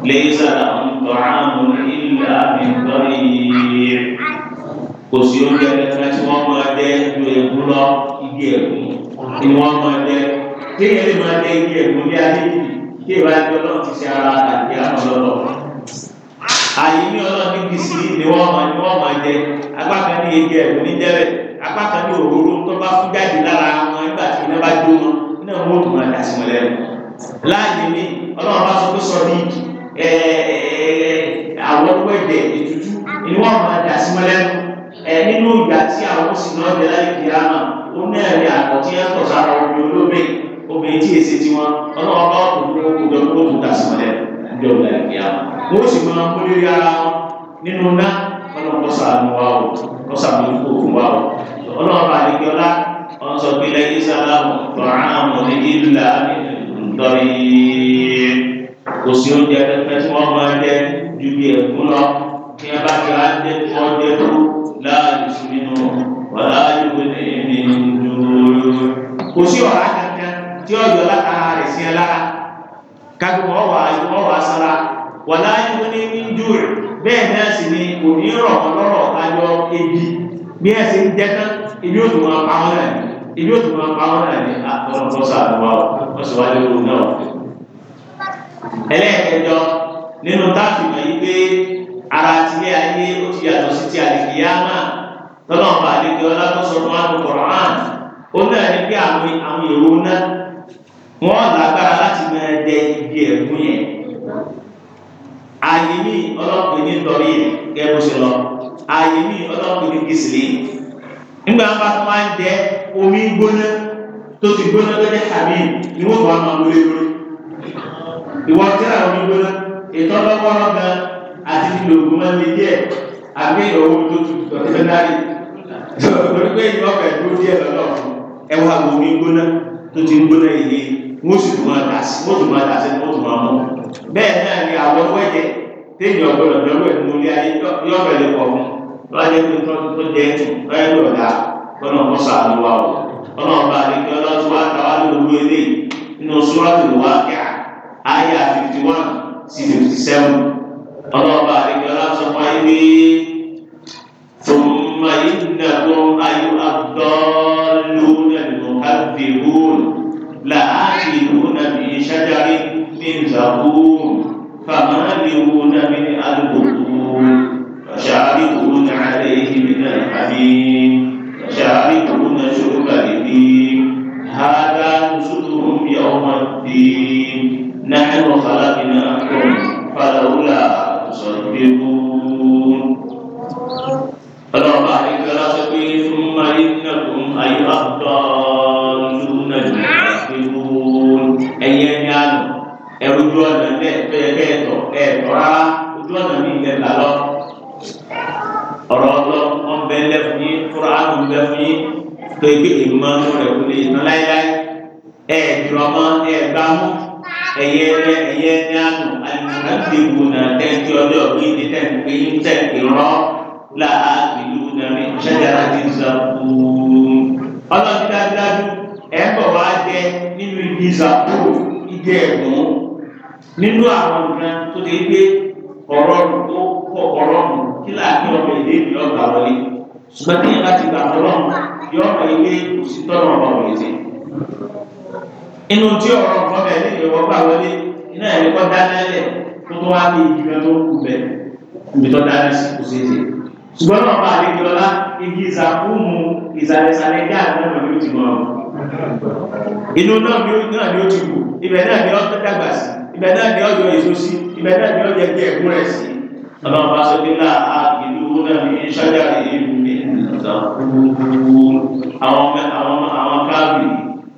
ليس لهم طعام إلا من ضريع kò sí oúnjẹ kankan tí wọ́n máa dẹ ju ẹ̀kú lọ igi ẹ̀kú ni wọ́n máa dẹ kéèyàn lè máa dẹ igi ẹ̀kú ní adébí kí ìwà ẹgbẹ́ ọlọ́run ti ṣe ara àti àwọn ọlọ́rọ̀ àyè ní ọlọ́run níbi sí ni wọ́n máa ni wọ́n máa dẹ apá kan ní igi ẹ̀kú ní jẹ́rẹ̀ apá kan ní òróró tó bá fún jáde lára wọn nígbà tí iná bá jó wọn náà wọ́n tún máa dà wọn lẹ́nu láàyè ní ọlọ́run bá sọ pé sọ ní ìdí àwọn wẹ̀dẹ̀ ètùtù ni wọ́n máa dà sí wọn lẹ́nu nínú ìgbà tí àwọn sì náà bẹ̀rẹ̀ láì kí á náà ó ní ẹ̀rí àtọ̀ tí ẹ̀ tọ̀ sára omi olómi obìnrin tí èsì tí wọn ọlọ́wọ́ bá kò ní owó kòjọ kó tó dà sí wọn lẹ́nu ní ọ̀gá ìgbé àwọn wọ́n sì máa ń múlé ara wọn nínú ńlá ọlọ́wọ́ kọ́ sàánú wa o kọ́ sàánú kó fún wa o ọlọ́wọ́ bá ní gbọ́lá wọn sọ pé lẹ́yìn sálámù tọ́ kò sí oúnjẹ pẹpẹ tí wọn máa jẹ ju bí ẹkún lọ kí ẹ bá ti adé tí wọn jẹ tó láàrin sí nínú wàhálà ayélujára ní èmi dúró kò sí ọ̀rá kankan tí ọjọ́ láta rẹ̀ sí ẹ lára kájú wọn wà wọn wà sára wàhálà ayélujára ní dúró bẹ́ẹ̀ náà sì ni òní rọ̀ lọ́rọ̀ ayọ̀ ebi bí ẹ ṣe ń jẹ tán ebi ó máa pa wọn náà ebi ó máa pa wọn náà ní àtọ̀rọ̀ fọ́sà àbúrò wọn sì wá lórí náà ẹlẹ́ẹ̀kẹjọ nínú táfìmọ̀ yìí pé ara tilé ayé ó ti yàtọ̀ sí ti àlìkìyámà tọ́lọ́mù àdéhùn ọlá tó sọ fún àwọn kọ̀ọ̀án ó náà ní pé àwọn àwọn èrò náà wọ́n lágbára láti máa dẹ ibi ẹ̀gún yẹn ààyè ní ọlọ́pìn ní lọ́rí kẹ́bù sí lọ ààyè ní ọlọ́pìn ní gísìlì nígbà bá tó máa ń dẹ omi gbóná tó ti gbóná lọ́jọ́ tàbí ni wọ́n bá máa wọlé lórí ìwọ tí àwọn onígbóná ètò ọlọ́pọ̀lọ́ gan àti ìlú ògùn máa ń le díẹ̀ àbí ìrọ̀wọ́ tó tutù tọ̀tẹ̀ dáre torí pé ìlú ọ̀fẹ́ dúró díẹ̀ lọ́dọ̀ ẹ wá àwọn onígbóná tó ti ń gbóná yìí wọ́n sì tún máa dà sí wọ́n tún máa dà sí wọ́n tún máa mú bẹ́ẹ̀ náà ni àwọn ọwọ́ ẹ̀jẹ̀ téèyàn ọ̀gbọ́dọ̀ jọ́rọ̀ ẹ̀ mú ilé ayé yọ̀ọ̀bẹ̀ lè pọ̀ fún lọ́jọ́ tó tó jẹ́ ẹ̀tù lọ́yẹ́ lọ́dà lọ́nà ọ̀sà àlùwà ọ̀ lọ́nà ọ̀bà àdékẹ́ ọlọ́tún wa tàwa lórí eléyìí nínú sùúrọ̀tù wà kíá àyà fifty one sí fifty seven ọlọ́ọ̀bà àdìgbọ́lá sọ fún ayé pé thumma innakum ayé ad-dalluna al-mukaththibun لآكلون من شجر من زقوم فمالئون من البطون فشاربون عليه من الحميم فشاربون شرب الهيم هذا نزلهم يوم الدين نحن خلقناكم فلولا تصدقون رب العالمين ثم إنكم أي الضالون المكذبون ẹ̀yin ni àná ẹrú ojú ọ̀nà ẹ̀ẹ́dẹ́ ẹ̀ẹ́dọ̀ ẹ̀ẹ́dọ̀rá ojú ọ̀nà mi ilẹ̀ là lọ ọ̀rọ̀ ọlọ́run bẹ́ẹ̀ lẹ́fún yín kúránù bẹ́ẹ̀ fún yín pé kí èèmọ́ rẹ̀ wọlé iná láéláé ẹ̀ẹ́dùrọ̀mọ́ ẹ̀ẹ́gbàmú ẹyẹ ẹyẹ ẹyẹ ní àná àlùmọ́nà ti wù nà tẹ́tí ọjọ́ bí ní tẹ́tí yín tẹ́tí rọ́ là á ìlú nàmi ṣẹ́jára ti zàkú. ọlọ́run dájúdájú ẹ̀ ń bọ̀ wá jẹ nínú ibi zàkú ibi ẹ̀gbọ́n nínú àwọn nǹkan tó ti gbé ọ̀rọ̀ tó kọ̀ ọ̀rọ̀ nù kí láàbí ọmọ èdè ìlú ọgbà wọlé ṣùgbọ́n tí ìbá ti gbà ọlọ́run yọ ọmọ ilé òsítọ́ náà ọmọ òyìnbó inú tí ọ̀rọ̀ nǹkan bẹ̀ ní ìwọ̀n gbà wọlé iná ẹ̀rí kọ́ dánilẹ̀ tó tó wá ní ìdílé tó kù bẹ̀ níbi tó dání sí kò ṣeé ṣe ṣùgbọ́n náà bá àlejò ọlá igi ìsàkúùmù ìsàlẹ̀sàlẹ̀ dé àgbọn náà yóò ti mọ̀ inú náà ni ó ti wù ibẹ̀ náà ni ó dàgbà sí ibẹ̀ náà ni ó yọ èso sí ibẹ̀ náà ni ó yẹ kí ẹ̀kún rẹ̀ sí ọlọ́run bá sọ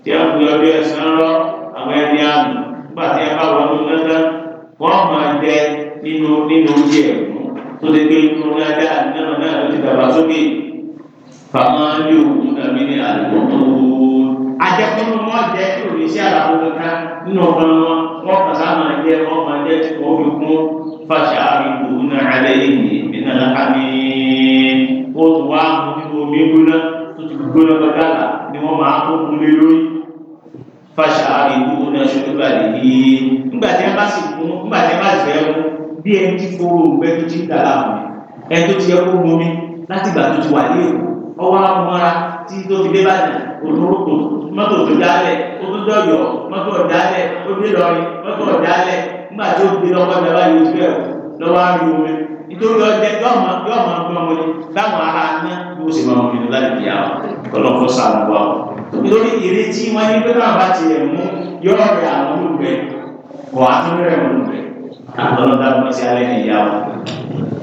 tí a ń gbé ọjọ́ ẹ̀sán rọ àwọn ẹni àmì nígbà tí a bá wọn ní dandan wọn máa jẹ nínú nínú oúnjẹ ẹ̀kú tó lè gbé inú dáadáa nínú náà ló ti dàgbà sókè fàmà ní òkú nàbí ní àlùkò tó ajẹkùnú wọn jẹ kí òní sí àlàfo kankan nínú ọgbọ́n wọn wọn kà sá máa jẹ wọn máa jẹ tí wọn fi kún fàṣà àrùkù náà alẹ́ yìí nínú àmì wọn tó wá mú nínú omi gbóná tó ti gbóná gbàgbà ni wọn máa kó kún lé lórí fàṣàárì gbogbo náà ṣùgbọ́n àdìdí nígbà tí wọ́n bá sì mú nígbà tí wọ́n bá sì fẹ́ mú bí ẹni tí fowó ògbẹ́ tó ti ń dà láàmú ẹni tó ti yẹ kó mú mi láti ìgbà tó ti wà ní èkó ọwọ́ amúra tí tó fi dé bàjẹ́ olórúkọ mọ́tò tó dálẹ̀ ó tó dọ̀yọ̀ mọ́tò ọ̀dálẹ̀ ó dé lọ́rin mọ́tò ọ̀dálẹ̀ nígbà tó fi dé lọ́wọ́ ìjọba yóò fẹ́ ọ lọ́wọ́ àrùn omi nítorí ọjọ́ yọ̀ọ̀mọ̀ yọ̀ọ̀mọ̀ gbọ́n wọlé báwọn ará ná bí ó sì máa ń wọlé láti di àwọn ọlọ́kọ̀ sáà ń wá ọ lórí ìrètí wọn ní pé báwọn bá ti rẹ̀ mú yọ rẹ̀ àwọn olùgbẹ́ kọ̀ á tún rẹ̀ wọn olùgbẹ́ àtọ́nà dá mọ́ sí alẹ́ ìyá wọn.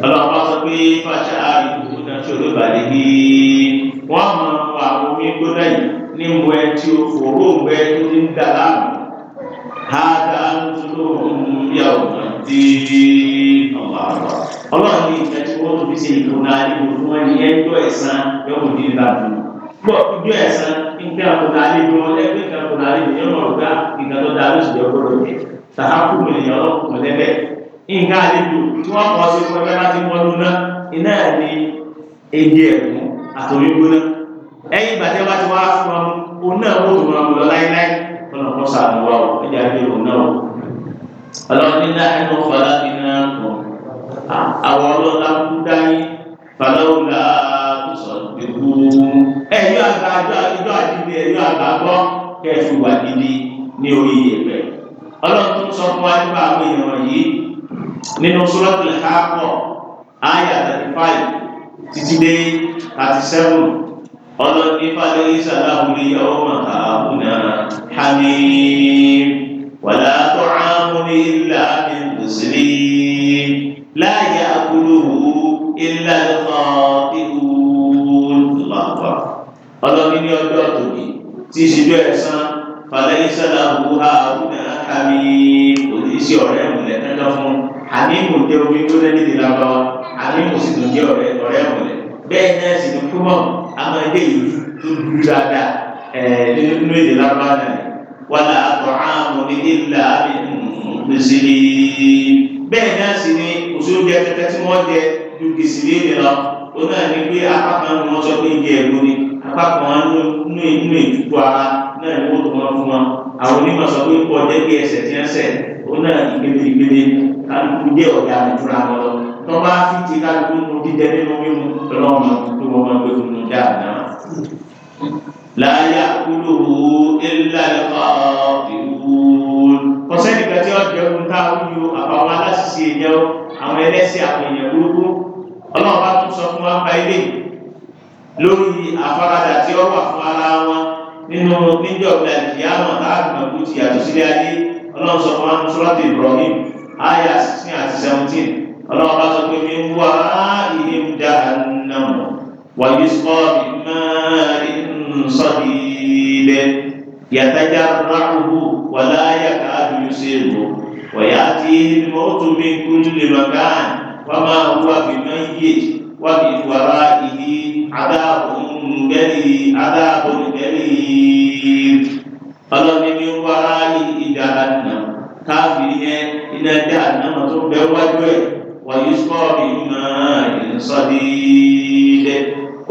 ọlọ́run bá sọ pé fàṣà àìkú náà ṣe olóbàdé bí wọ́n mọ àwọn omi gbóná yìí ní mọ ẹ tí o fòró mọ ẹ tó ní dá láàmú. ha dá ń dúró yà ọ̀nà dídí ọ̀gá ọ̀gá. ọlọ́run ní ìjà tí wọ́n tún fi ṣe ìdùnnú àdìgbò fún ẹni ẹjọ́ ní ìlànà. gbọ́ ìjọ nǹkan àkùnà àlejò ẹgbẹ́ nǹkan àkùnà àlejò yẹn mọ̀ ọ̀gá nǹkan tó dáa ló sì jẹ́ ọgbọ́dọ̀ jẹ sàhákù ènìyàn ọlọ́kùnrin lẹ́lẹ́ nǹkan àlejò tí wọ́n kọ́ sí fún ẹgbẹ́ láti wọ́n lóná iná ẹ̀ ní ebi ẹ̀kún àtòrí gbóná ẹ̀yìn ìgbà tí wọ́n ti wá fún wọn òun náà wọ́n tó wọn lọ láíláí ọ̀nà kan sàánú wa ọ̀ ẹ̀jẹ̀ àti òun náà ọlọ́run ní láì ló fọlá nínú àwọn ọlọ́lá kú dání fàlọ́ọ̀lá èkó ẹ̀yọ́ àgbàjọ ìjọ àdìdì ẹ̀yọ́ àgbàgbọ́ kẹfù wà gidi ní orí ìyẹ̀pẹ̀ ọlọ́run tó ń sọ fún wa nípa àwọn èèyàn wọ̀nyí nínú suratul Haqqa àyà thirty five títí dé thirty seven ọlọ́run nípa lórí sàdáhùn ní yawma hahuna hamim wala ta'amun illa min ghislin la ya'kuluhu illa al-khatiin ọlọ́bí ní ọjọ́ tòbí tí ìṣíjú ẹ̀sán fàlẹ́yìnsẹ́lá bu àrùnà àmì oníṣẹ́ ọ̀rẹ́ ìmùlẹ̀ kankan fún àmìmù jẹ́ omi tó lẹ́ni ìdílé abáwá àmìmù sì tún jẹ́ ọ̀rẹ́ ọ̀rẹ́ ìmùlẹ̀ bẹ́ẹ̀ náà sì ní kúmọ̀ amadé ìlú tó dúró dáadáa nínú ìdílé abáwá náà wàlá àtọ̀ àmọ̀ ní ìlà mùsùlùmí bẹ́ẹ̀ náà sì ní òṣèlú jẹ́ tí wọ́n jẹ ju kìsìlì ìdílé lọ ó náà ní pé apá kan ni wọ́n sọ pé ìdí ẹ̀gbọ́n ni apákan wọn nínú inú ìdúgbò ara náà ni wọ́n tó wọn fún wọn àwọn onímọ̀ sọ pé pọ̀ jẹ́ bí ẹsẹ̀ tí ń sẹ̀ ó náà ìgbélé ìgbélé kálukú dé ọ̀gá àdúrà wọn lọ tó bá fi ti kálukú nínú jíjẹ nínú mímu lọ́wọ́ tó wọ́n máa gbé fún un dáadáa. láyà kúlò wò é lálẹ́ ọ̀ọ́dún kọ́sẹ́nì kan tí wọ́n jẹ́ ohun tá a wúyo àbáwọn aláṣiṣẹ́ ìjẹun àwọn ẹlẹ́sìn àwọn èèyàn gbogbo ọlọ́run bá tún sọ fún wa pa lórí àfaradà tí ó wà fún ara wọn nínú níjọ́ ìgbà ìyáàmọ̀ láàbùn ọ̀gbìn ti yàtọ̀ sílé ayé ọlọ́run sọ fún amúsúlọ́tì Ibrahim aya sixteen àti seventeen ọlọ́run bá sọ pé mi ń wá ilé ń da ànàmọ̀ wàyí sọ́ mi máa ń sọ́ di ilẹ̀ yàtàjà ráhùhù wàlá yàtà àbíyúsẹ́rù wàyà àti mọ́tò mi kúndùn lè màkàn wàmà wà fi máa ń وبورائه عذاب غليظ عذاب غليظ ọlọ́ni ní wàrà ìjà àná káfíìn yẹn iná ẹgbẹ́ àná tó bẹ wájú ẹ̀ wàyí sọ́ọ̀rì náà ìsọdí ilẹ̀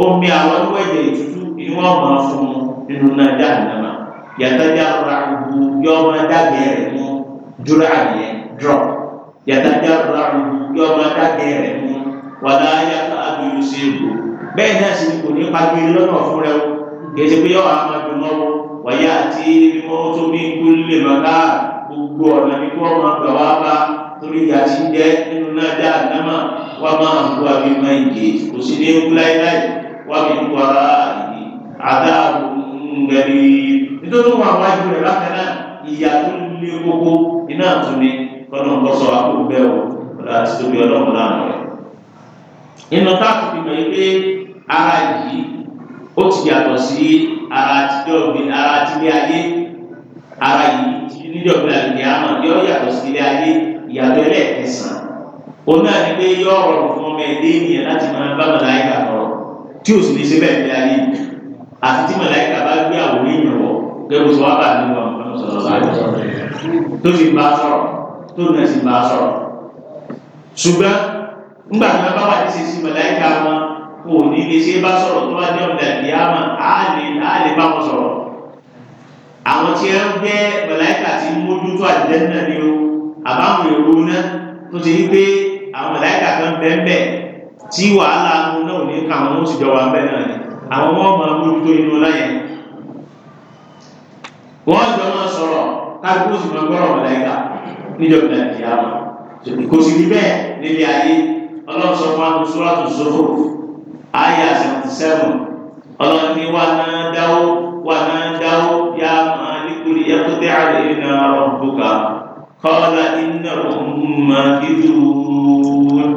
omi àwọn ọdún ẹ̀jẹ̀ ìtútù ni wọ́n máa fún un nínú náà ẹgbẹ́ àná yàtọ̀jà ra ìbú yọ ọmọ rẹ̀ mú dúró àyẹ̀ drop yàtọ̀jà ra ìbú yọ ọmọ rẹ̀ mú wàlá aláàbíyú sí ègbò bẹ́ẹ̀ náà sì kò ní pàgbé lọ́nà fún rẹ kèsì pé yọ̀wá máa dùn lọ́wọ́ wọ̀nyá àti mímọ́ tó bí ń kú lè màkà gbogbo ọ̀nà ní kí wọ́n máa gbà wá bá torí ìyá ti ń jẹ́ nínú náà dá àdámà wá máa ń kú àbí máa ń jè kò sí ní kú láéláé wá mi kú ara àdá ngẹ̀rì nítorí wọn àwọn àjò rẹ̀ bákan náà ìyá tó lé kókó iná àtúni kọ́nà ń kọ́ sọ àkókò bẹ́ẹ̀ o ọ̀dà tóbi ọlọ́run láàmú rẹ̀ nínú táàkù fìmọ̀ yìí pé ara yìí ó ti yàtọ̀ sí ara àtijọ́ mi ara àtijọ́ ayé ara yìí ti níjọ́ mi àgbẹ̀ àmọ́ yọ yàtọ̀ sí ilé ayé ìyàtọ̀ ẹlẹ́ẹ̀kẹsàn-án òun náà ni pé yọ ọ̀rọ̀ fún ọmọ ẹ̀dẹ́ ènìyàn láti máa bá màláìkà lọ́rọ̀ tí o sì lè ṣe bẹ́ẹ̀ ayé àti tí màláìkà bá gbé àwòrán èèyàn wọ̀ gẹ́gẹ́ tó wá bá sọ̀rọ̀ tó náà sì sọ̀rọ̀ ńgbà tí wọn bá wà ní sèṣin mọ̀láìka wọn kò ní lè ṣe bá sọ̀rọ̀ tó bá ní ọ̀dà ìyáàmà á lè á lè bá wọn sọ̀rọ̀ àwọn tí wọn gbé mọ̀láìka ti mójútó àjẹ́ náà ni o àbáwọn èrò náà tó ti rí pé àwọn mọ̀láìka kan bẹ́ẹ̀ tí wàhálà wọn náà ò ní ká wọn ó sì jọ wà bẹ́ẹ̀ náà ni àwọn wọn máa mójútó inú láyé wọn jọ máa sọ̀rọ̀ káàkiri ó sì máa gbọ́rọ̀ mọ̀láìka níjọba ìyáàmà kò sì nílé ayé ọlọ́run sọ fún wa ní sùúràtù Zukhruf àyà seventy seven ọlọ́run ní wà náà dáwó wà náà dáwó yá máa nítorí ẹkú tẹ́ àlẹ́ iná rabbuka qala innahum makithun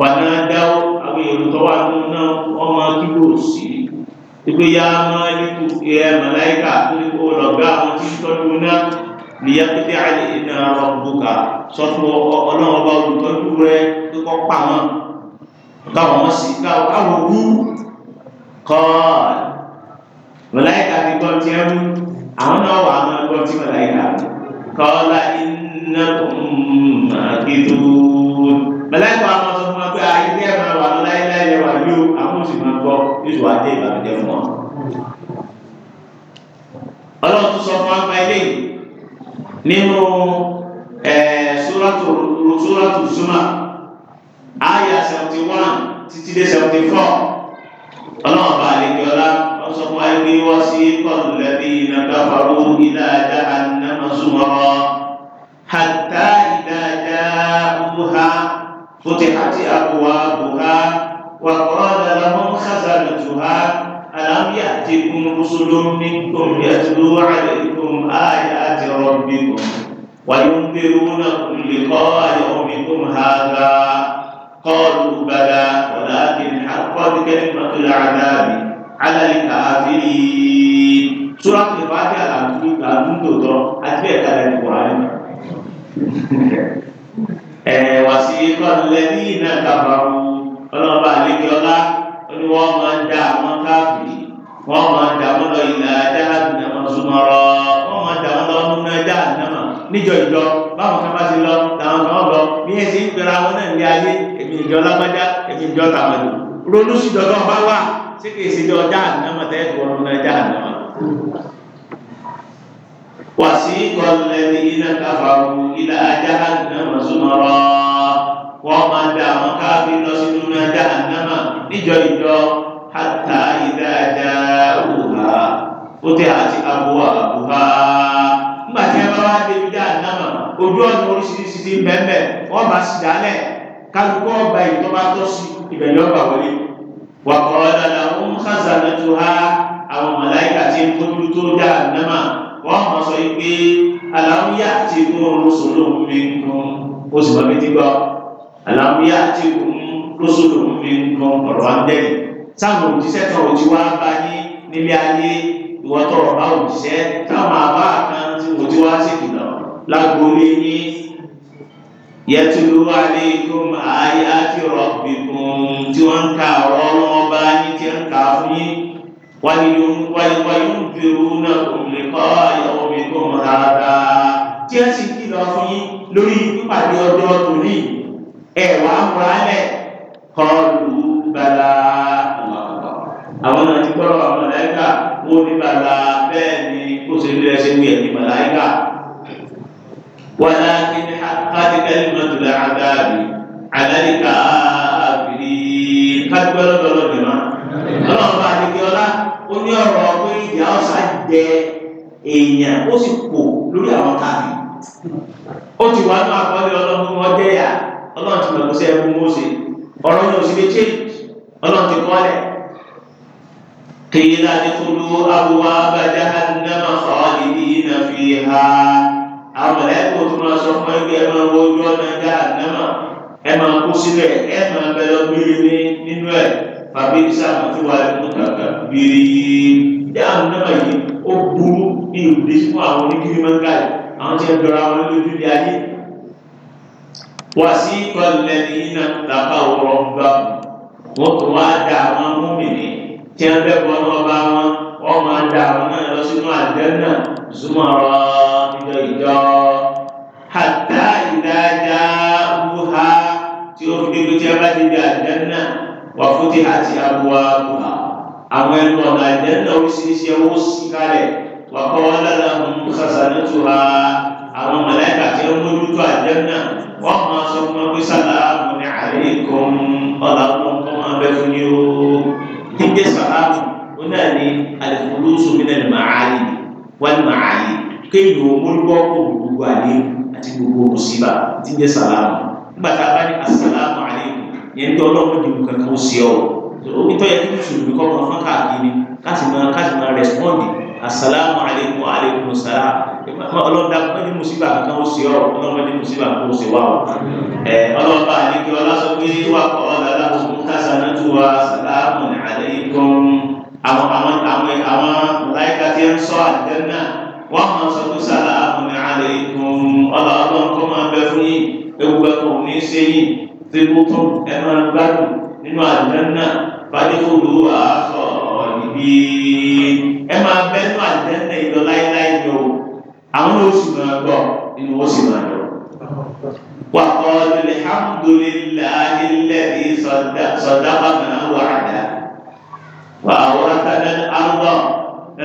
wà náà dáwó àwọn èrò wà náà wọ́n máa dúró sí i ìgbéyàwó máa nítorí ẹ̀ màláìkà tó ní kó lọ́gbà àwọn tí ń tọ́jú náà lìyàkùtì àlè iná ọ̀bùkà sọ́tún ọlọ́run ọba olùtọ́jú rẹ kíkọ́ pa wọn káwọn sì káwọn wú kọ́ mọ̀láyìká ti gbọ́ tí ẹ mú àwọn náà wà á gbọ́ tí mọ̀láyìká kọ́lá iná màkìtù mọ̀láyìká wà á sọ fún wa pé ayé ẹ̀ máa wà láyéláyé wà yóò àwọn sì máa gbọ́ yóò wá dé ìbànújẹ́ fún ọ. ọlọ́run tún sọ fún wa pa nínú ṣúrọ́tù zuma ayà 71 títí dé 74 ọlọ́run bá lè gbé ọlá wọ́n sọ fún ayé wọ́n sí kọ́ọ̀lù lẹ́bí iná káfàró ilá ajá ànámà súnmọ́rọ́ hàtà ìdájá buha fúti àti àbúwá buha wà kọ́ọ̀lù lọ́wọ́n khazanatuha alámúyà tí kún rúṣùlùmí kò yẹ يذكركم آيات ربكم وينذرونكم لقاء يومكم هذا قالوا بلى ولكن حقت كلمة العذاب على الكافرين سورة الفاتحة الأمثلة كانت تدرى أتبعت على القرآن وسيق الذين كفروا فلما بعد لك الله أن ومن دعا من كافرين wọ́n máa dà wọ́n lọ ìlà dáhàbìnà ọ̀zùmọ̀rọ̀ wọ́n máa dà wọ́n lọ nínú ẹ̀dá àdámà níjọ ìjọ báwọn kan bá ti lọ làwọn kan lọ bí ẹ ti ń pera wọn náà ní ayé èmi ìjọ lágbájá èmi ìjọ tàmàdù ronú sí ìjọ tó bá wà sí kì í ṣe ìjọ dáhà náà tẹ́ ẹ̀kọ́ nínú ẹ̀dá àdámà. وسيق الذين كفروا إلى جهنم زمرا وما دام كافر سنون جهنم نجو حتى إذا جاءوها فتحت أبوابها nígbà tí ẹ bá wá dé ibi dáadáa ojú ọ̀nà oríṣiríṣi ti ń bẹ́ẹ̀ wọ́n bá sì dálẹ̀ kálukọ́ ọba ìtọ́ba tọ́ sí ìbẹ̀lẹ̀ ọba wọlé wàkọ̀ ọ̀dàdà ń kásánà tó ha àwọn màláíkà tí ń tójú tó dáadáa wọ́n mọ̀ sọ pé aláwíyá ti kún rúṣùlù mi kún oṣù mọ̀mí kún ọ̀rọ̀ àndẹ́yìn sáwọn òjíṣẹ́ kan ò ti wá bá yín nílé ayé ìwọ tó ọ̀rọ̀ báwọn òjíṣẹ́ táwọn àbá kan tí mo ti wá sí ìdùnnà lágbóolé yín yẹtulu aleikum ayati rabbikum tí wọ́n ń ka ọ̀rọ̀ wọn bá yín tí ń ka fún yín wàyíwáyún bẹ̀rù náà kò lè kọ́ ìyàwó mi kò mọ̀ rárá tí wọ́n sì kìlọ̀ fún yín lórí pípàdé ọjọ́ tòní ẹ̀ wá múra lẹ̀ kọlù bàlá àwọn náà ti gbọ́dọ̀ àwọn màláìka wọn ò ní bàtà bẹ́ẹ̀ ni kó ṣe bí ẹsẹ̀ wí ẹ̀yìn màláìka. wà á kí ni káàdìkà ní mọ̀tòlá àdáàbì àdáàbìkà àbìrí kájúgbọ́ lọ́dọọdọ nìmá. ọlọ́run bá adigun ọlá ó ní ọ̀rọ̀ pé ìyá ọ̀sà jẹ èèyàn ó sì pò lórí àwọn káàdì. ó ti wà ní àkọọ́lẹ̀ ọlọ́run wọn jẹ́yà ọlọ́run ti mọ̀ kó sẹ́yìn fún mọ́ọ̀sẹ̀ قيل ادخلوا أبواب جهنم خالدين فيها àwọn ẹ̀kọ́ tó máa sọ fún ẹgbẹ́ ẹ máa wo ojú ọ̀nà Jahannama ẹ máa kó sílẹ̀ ẹ máa bẹ lọ gbére ní nínú ẹ̀ fàbí sáà tí wàá lè mú kàkà gbére Jahannama yìí ó burú ní ìwúdí fún àwọn oníkiri máa ń ká yìí àwọn tí dọ̀rọ̀ àwọn lójú ní ayé. wà sí ìkọlẹ̀ ní iná làbá òwúrọ̀ ń bá wọn kò wá dá àwọn múmi tí a ń bẹ̀bọ̀ náà bá wọn wọ́n máa da àwọn náà lọ sínú àjẹ́nà zumọ̀rọ̀ ìjọ ìjọ hàtà ìdájà wúha tí ó fi débi tí a bá ti di àjẹ́nà wà fún ti àti àbúwá wúha àwọn ẹnu ọ̀nà àjẹ́nà oríṣiríṣi ẹwọ́ sí kalẹ̀ wà kọ́ wọn lára mú sàṣàlẹ̀ tó ha àwọn mọ̀lẹ́kà tí ó ń mójútó àjẹ́nà wọ́n máa sọ fún wọn pé sàlámù ní àlẹ́ ìkọ́m kọ́ máa bẹ́ fún yóò níjẹ́ sàlátù ó náà ní alìkòlóso mi náà màáyì wọ́n màáyì kéèyàn omúlùbọ́ kò gbogbo àlẹ́ àti gbogbo mùsíbà níjẹ́ sàlátù nígbà tá a bá ní asàlámù àlẹ́ yẹn tó ọlọ́run dìbò kankan ó sì ọ́ omi yẹ kí mùsùlùmí kọ́ kan fún káàkiri káàsì máa rẹ̀spọ́ndì asalaamu aleykum aleykum salaam ọlọ́dà mẹ́ni musiba kan ó sì ọ́ ọlọ́dà mẹ́ni musiba kan ó sì wá ọ́ ọlọ́ba àdéhùn ọlọ́sọ pé wà kọ́ ọ̀dàlá òkú kásánátù wa salaamu aleykum àwọn àwọn àwọn àwọn láyìíká tí ń sọ àdéhùn náà wọ́n máa sọ pé salaamu aleykum ọlọ́dà kọ́ máa bẹ fún yín ewu bẹ kọ́ ní sẹ́yìn tí mo tún ẹ máa gbádùn nínú àdéhùn náà fàdéhùn ló wà á sọ ọ̀ mọ̀kín ẹ máa bẹ́ẹ̀ tó àjẹ́tẹ̀ ìlọ láíláí ni o àwọn oṣù náà gbọ́ nínú oṣù náà lọ. وقال الحمد لله الذي صدقنا وعدا وأورثنا الأرض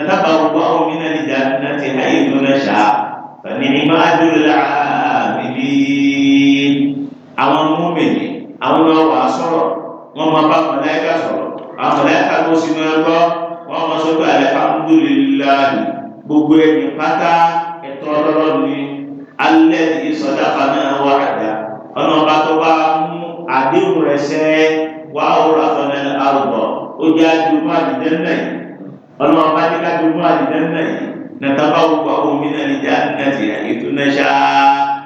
نتبوأ من الجنة حيث نشاء فنعم أجر العاملين àwọn mọ́mìnì àwọn ọwọ́ àsọ̀rọ̀ wọn máa bá mọ̀láìkà sọ̀rọ̀ àwọn mọ̀láìkà tó sinú ẹgbọ́ wọ́n mọ̀ sọ́gbà alhamdulillahi gbogbo ẹni pátá ẹ̀tọ́ ọlọ́rọ̀ ni alẹ́ ní sọ́dáfà náà wà àdá ọ̀nà ọba tó bá mú àdéhùn rẹ̀ sẹ́ wà ó rà fọ́nà àrùbọ̀ ó jẹ́ àdúgbò àdìdẹ́ náà ọ̀nà ọba ní kàdúgbò àdìdẹ́ náà nàtàbà gbogbo àwọn òmìnira ní ìjà àti ètò náà ṣáá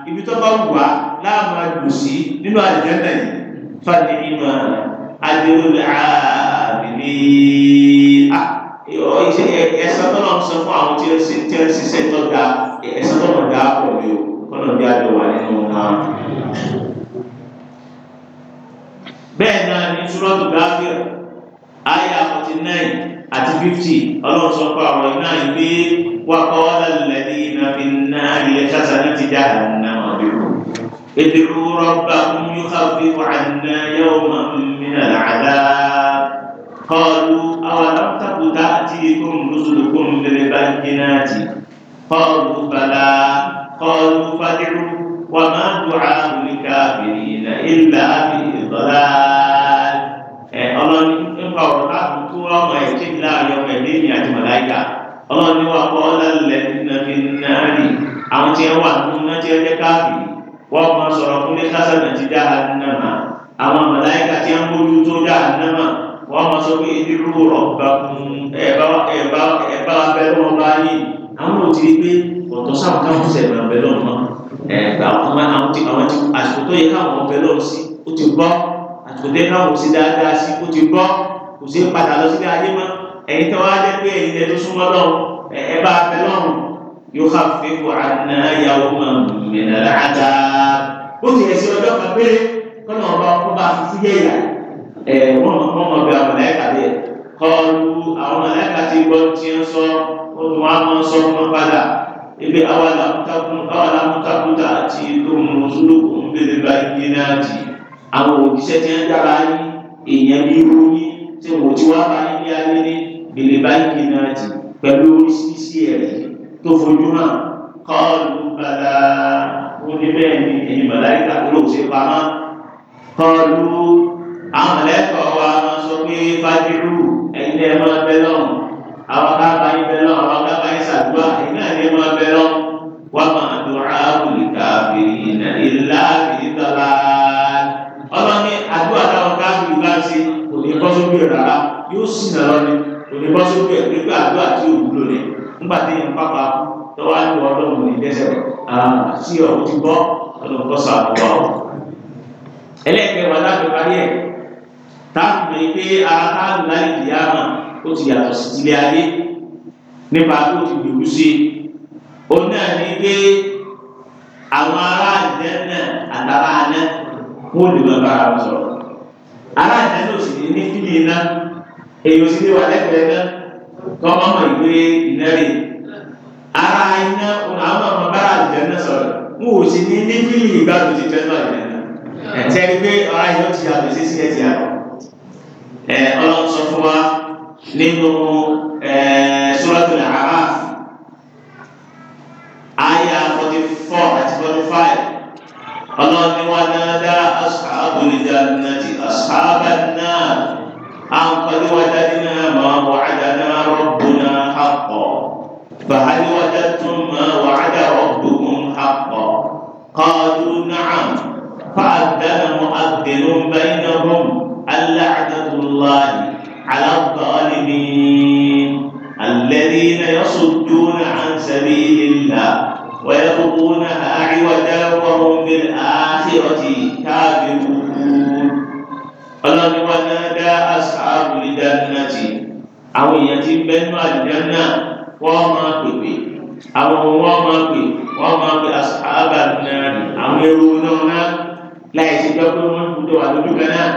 ibi tó bá wù wá láàmú àdùsí nínú àdìdẹ́ náà fàdí ìmọ̀ àdéhùn àá pé ẹ̀sán tó náà sọ fún àwọn tí ó ń ṣiṣẹ́ tó ga ẹ̀sán tó náà dá pọ̀ ní o kọ́nà bí adùn wà nínú náà. bẹ́ẹ̀ náà ní túrọ́tù gáfíà àyà forty nine àti fifty ọlọ́run sọ fún àwọn iná yìí عنا يوما من العذاب قالوا أولم تك تأتيكم رسلكم بالبينات قالوا بلى قالوا فادعوا وما دعاء الكافرين إلا في ضلال ọlọ́ni nípa ọ̀rọ̀ káàkiri tó wá ọmọ ẹ̀ tí ìlà àyọ̀ ọmọ ẹ̀dẹ́ ìrìn àti màláìka ọlọ́ni wà kọ́ lálẹ́ nàbí nàárì àwọn tí ẹ wà nínú náà tí ẹ jẹ́ káàkiri wọ́n máa sọ̀rọ̀ fún ní kásánà ti dáhà nàmà àwọn màláìka tí ẹ ń bójú tó dáhà nàmà wọ́n máa sọ pé ibi rú ọ̀gbà ẹ̀bá abẹ́rẹ́ wọn bá yìí àwọn ò ti rí pé ọ̀tọ̀ sáwọn káwọn ṣẹ̀ máa bẹ̀rẹ̀ ọ̀nà ẹ̀gbà àwọn ti àwọn ti àsìkò tó yẹ káwọn bẹ̀rẹ̀ ọ̀hún sí ó ti gbọ́ àsìkò tó yẹ káwọn sí dáadáa sí ó ti gbọ́ kò sí padà lọ sílé ayé mọ́ ẹ̀yin tó wá jẹ́ pé ẹ̀yin lẹ́ tó súnmọ́ lọ́wọ́ ẹ̀bá abẹ́rẹ́ ọ̀hún yóò ká fi wà ná ẹ wọn wọn mọ bí àwọn ẹ̀ka lẹ kọlu àwọn ẹ̀ka ti gbọ́ tí ń sọ wọn wọn á máa sọ wọn padà ebi awa lamutakun awa lamutakuta àti lóhùn olóko ń bèrè báyìí ní àjì àwọn òjíṣẹ́ tí ń dára yín èèyàn bí irú yín tí wọn ti wá bá yín ní ayé ní bèrè báyìí ní àjì pẹ̀lú oríṣiríṣi ẹ̀rí tó fojú hàn kọlu bàlá oníbẹ̀ẹ́ni ẹ̀yìn màláìka olóòṣèpamọ́ kọlu àwọn mẹlẹ́kọ̀ wa máa sọ pé fájúrú ẹ̀yin lè máa bẹ lọ́run àwọn káàbá yín bẹ lọ́run àwọn káàbá yín ṣàdúrà ẹ̀yin náà lè máa bẹ lọ́run wà máa dùn áwùlì káàbì ìnà ìlà ìdọ́là ọlọ́ni àdúrà táwọn káàbì bá ń ṣe kò ní bọ́ sókè rárá yóò sì nà lọ́ni kò ní bọ́ sókè nígbà àdúrà tí ò wúlò ní nígbà tí yẹn pápá tó wá ní ọlọ́run ní dẹ́sẹ̀ sí parí ẹ̀ táàbù rẹ pé ara táàbù láì di àmà ó ti yàtọ̀ sí ilé ayé nípa tó ti gbèrú sí i ó náà ní pé àwọn ará ìjẹ náà àtàrà náà wọn ò lè máa bára wọn sọ̀rọ̀ ará ìjẹ náà sì ní fílì náà èyí ò sì lè wà lẹ́gbẹ̀ẹ́ náà kọ́ máa mọ̀ ìgbé ìnáre ara iná òun àwọn ọmọ bára ìjẹ náà sọ̀rọ̀ wọn ò sì ní ní fílì ìgbàgbọ́ ti jẹ́ náà ìjẹ náà pé ọ̀rá yìí ti yàtọ̀ sí sí ẹ̀ ti yàtọ̀ ọlọ́run eh, sọ fún wa nínú eh, Suratul A'raf àyà forty four àti forty five ọlọ́run ni wọ́n nada ashabul jannati ashaban nar an qad wajadna ma wa'adana rabbuna haqqan fahal wajadtum ma wa'ada rabbukum haqqan qalu na'am fa'adana mu'adhdhin اللعنة الله على الظالمين الذين يصدون عن سبيل الله ويبغونها عوجا وهم بالآخرة كافرون ọlọ́ni wa náà dá asáàbù ìdáná ti àwọn èèyàn ti bẹ́nu àdìdáná wọ́n máa pèpè àwọn ohun wọ́n máa pè wọ́n máa pè asáàbà náà àwọn èrò náà láì ṣe jọ pé wọ́n ń dúdú àdúgbò náà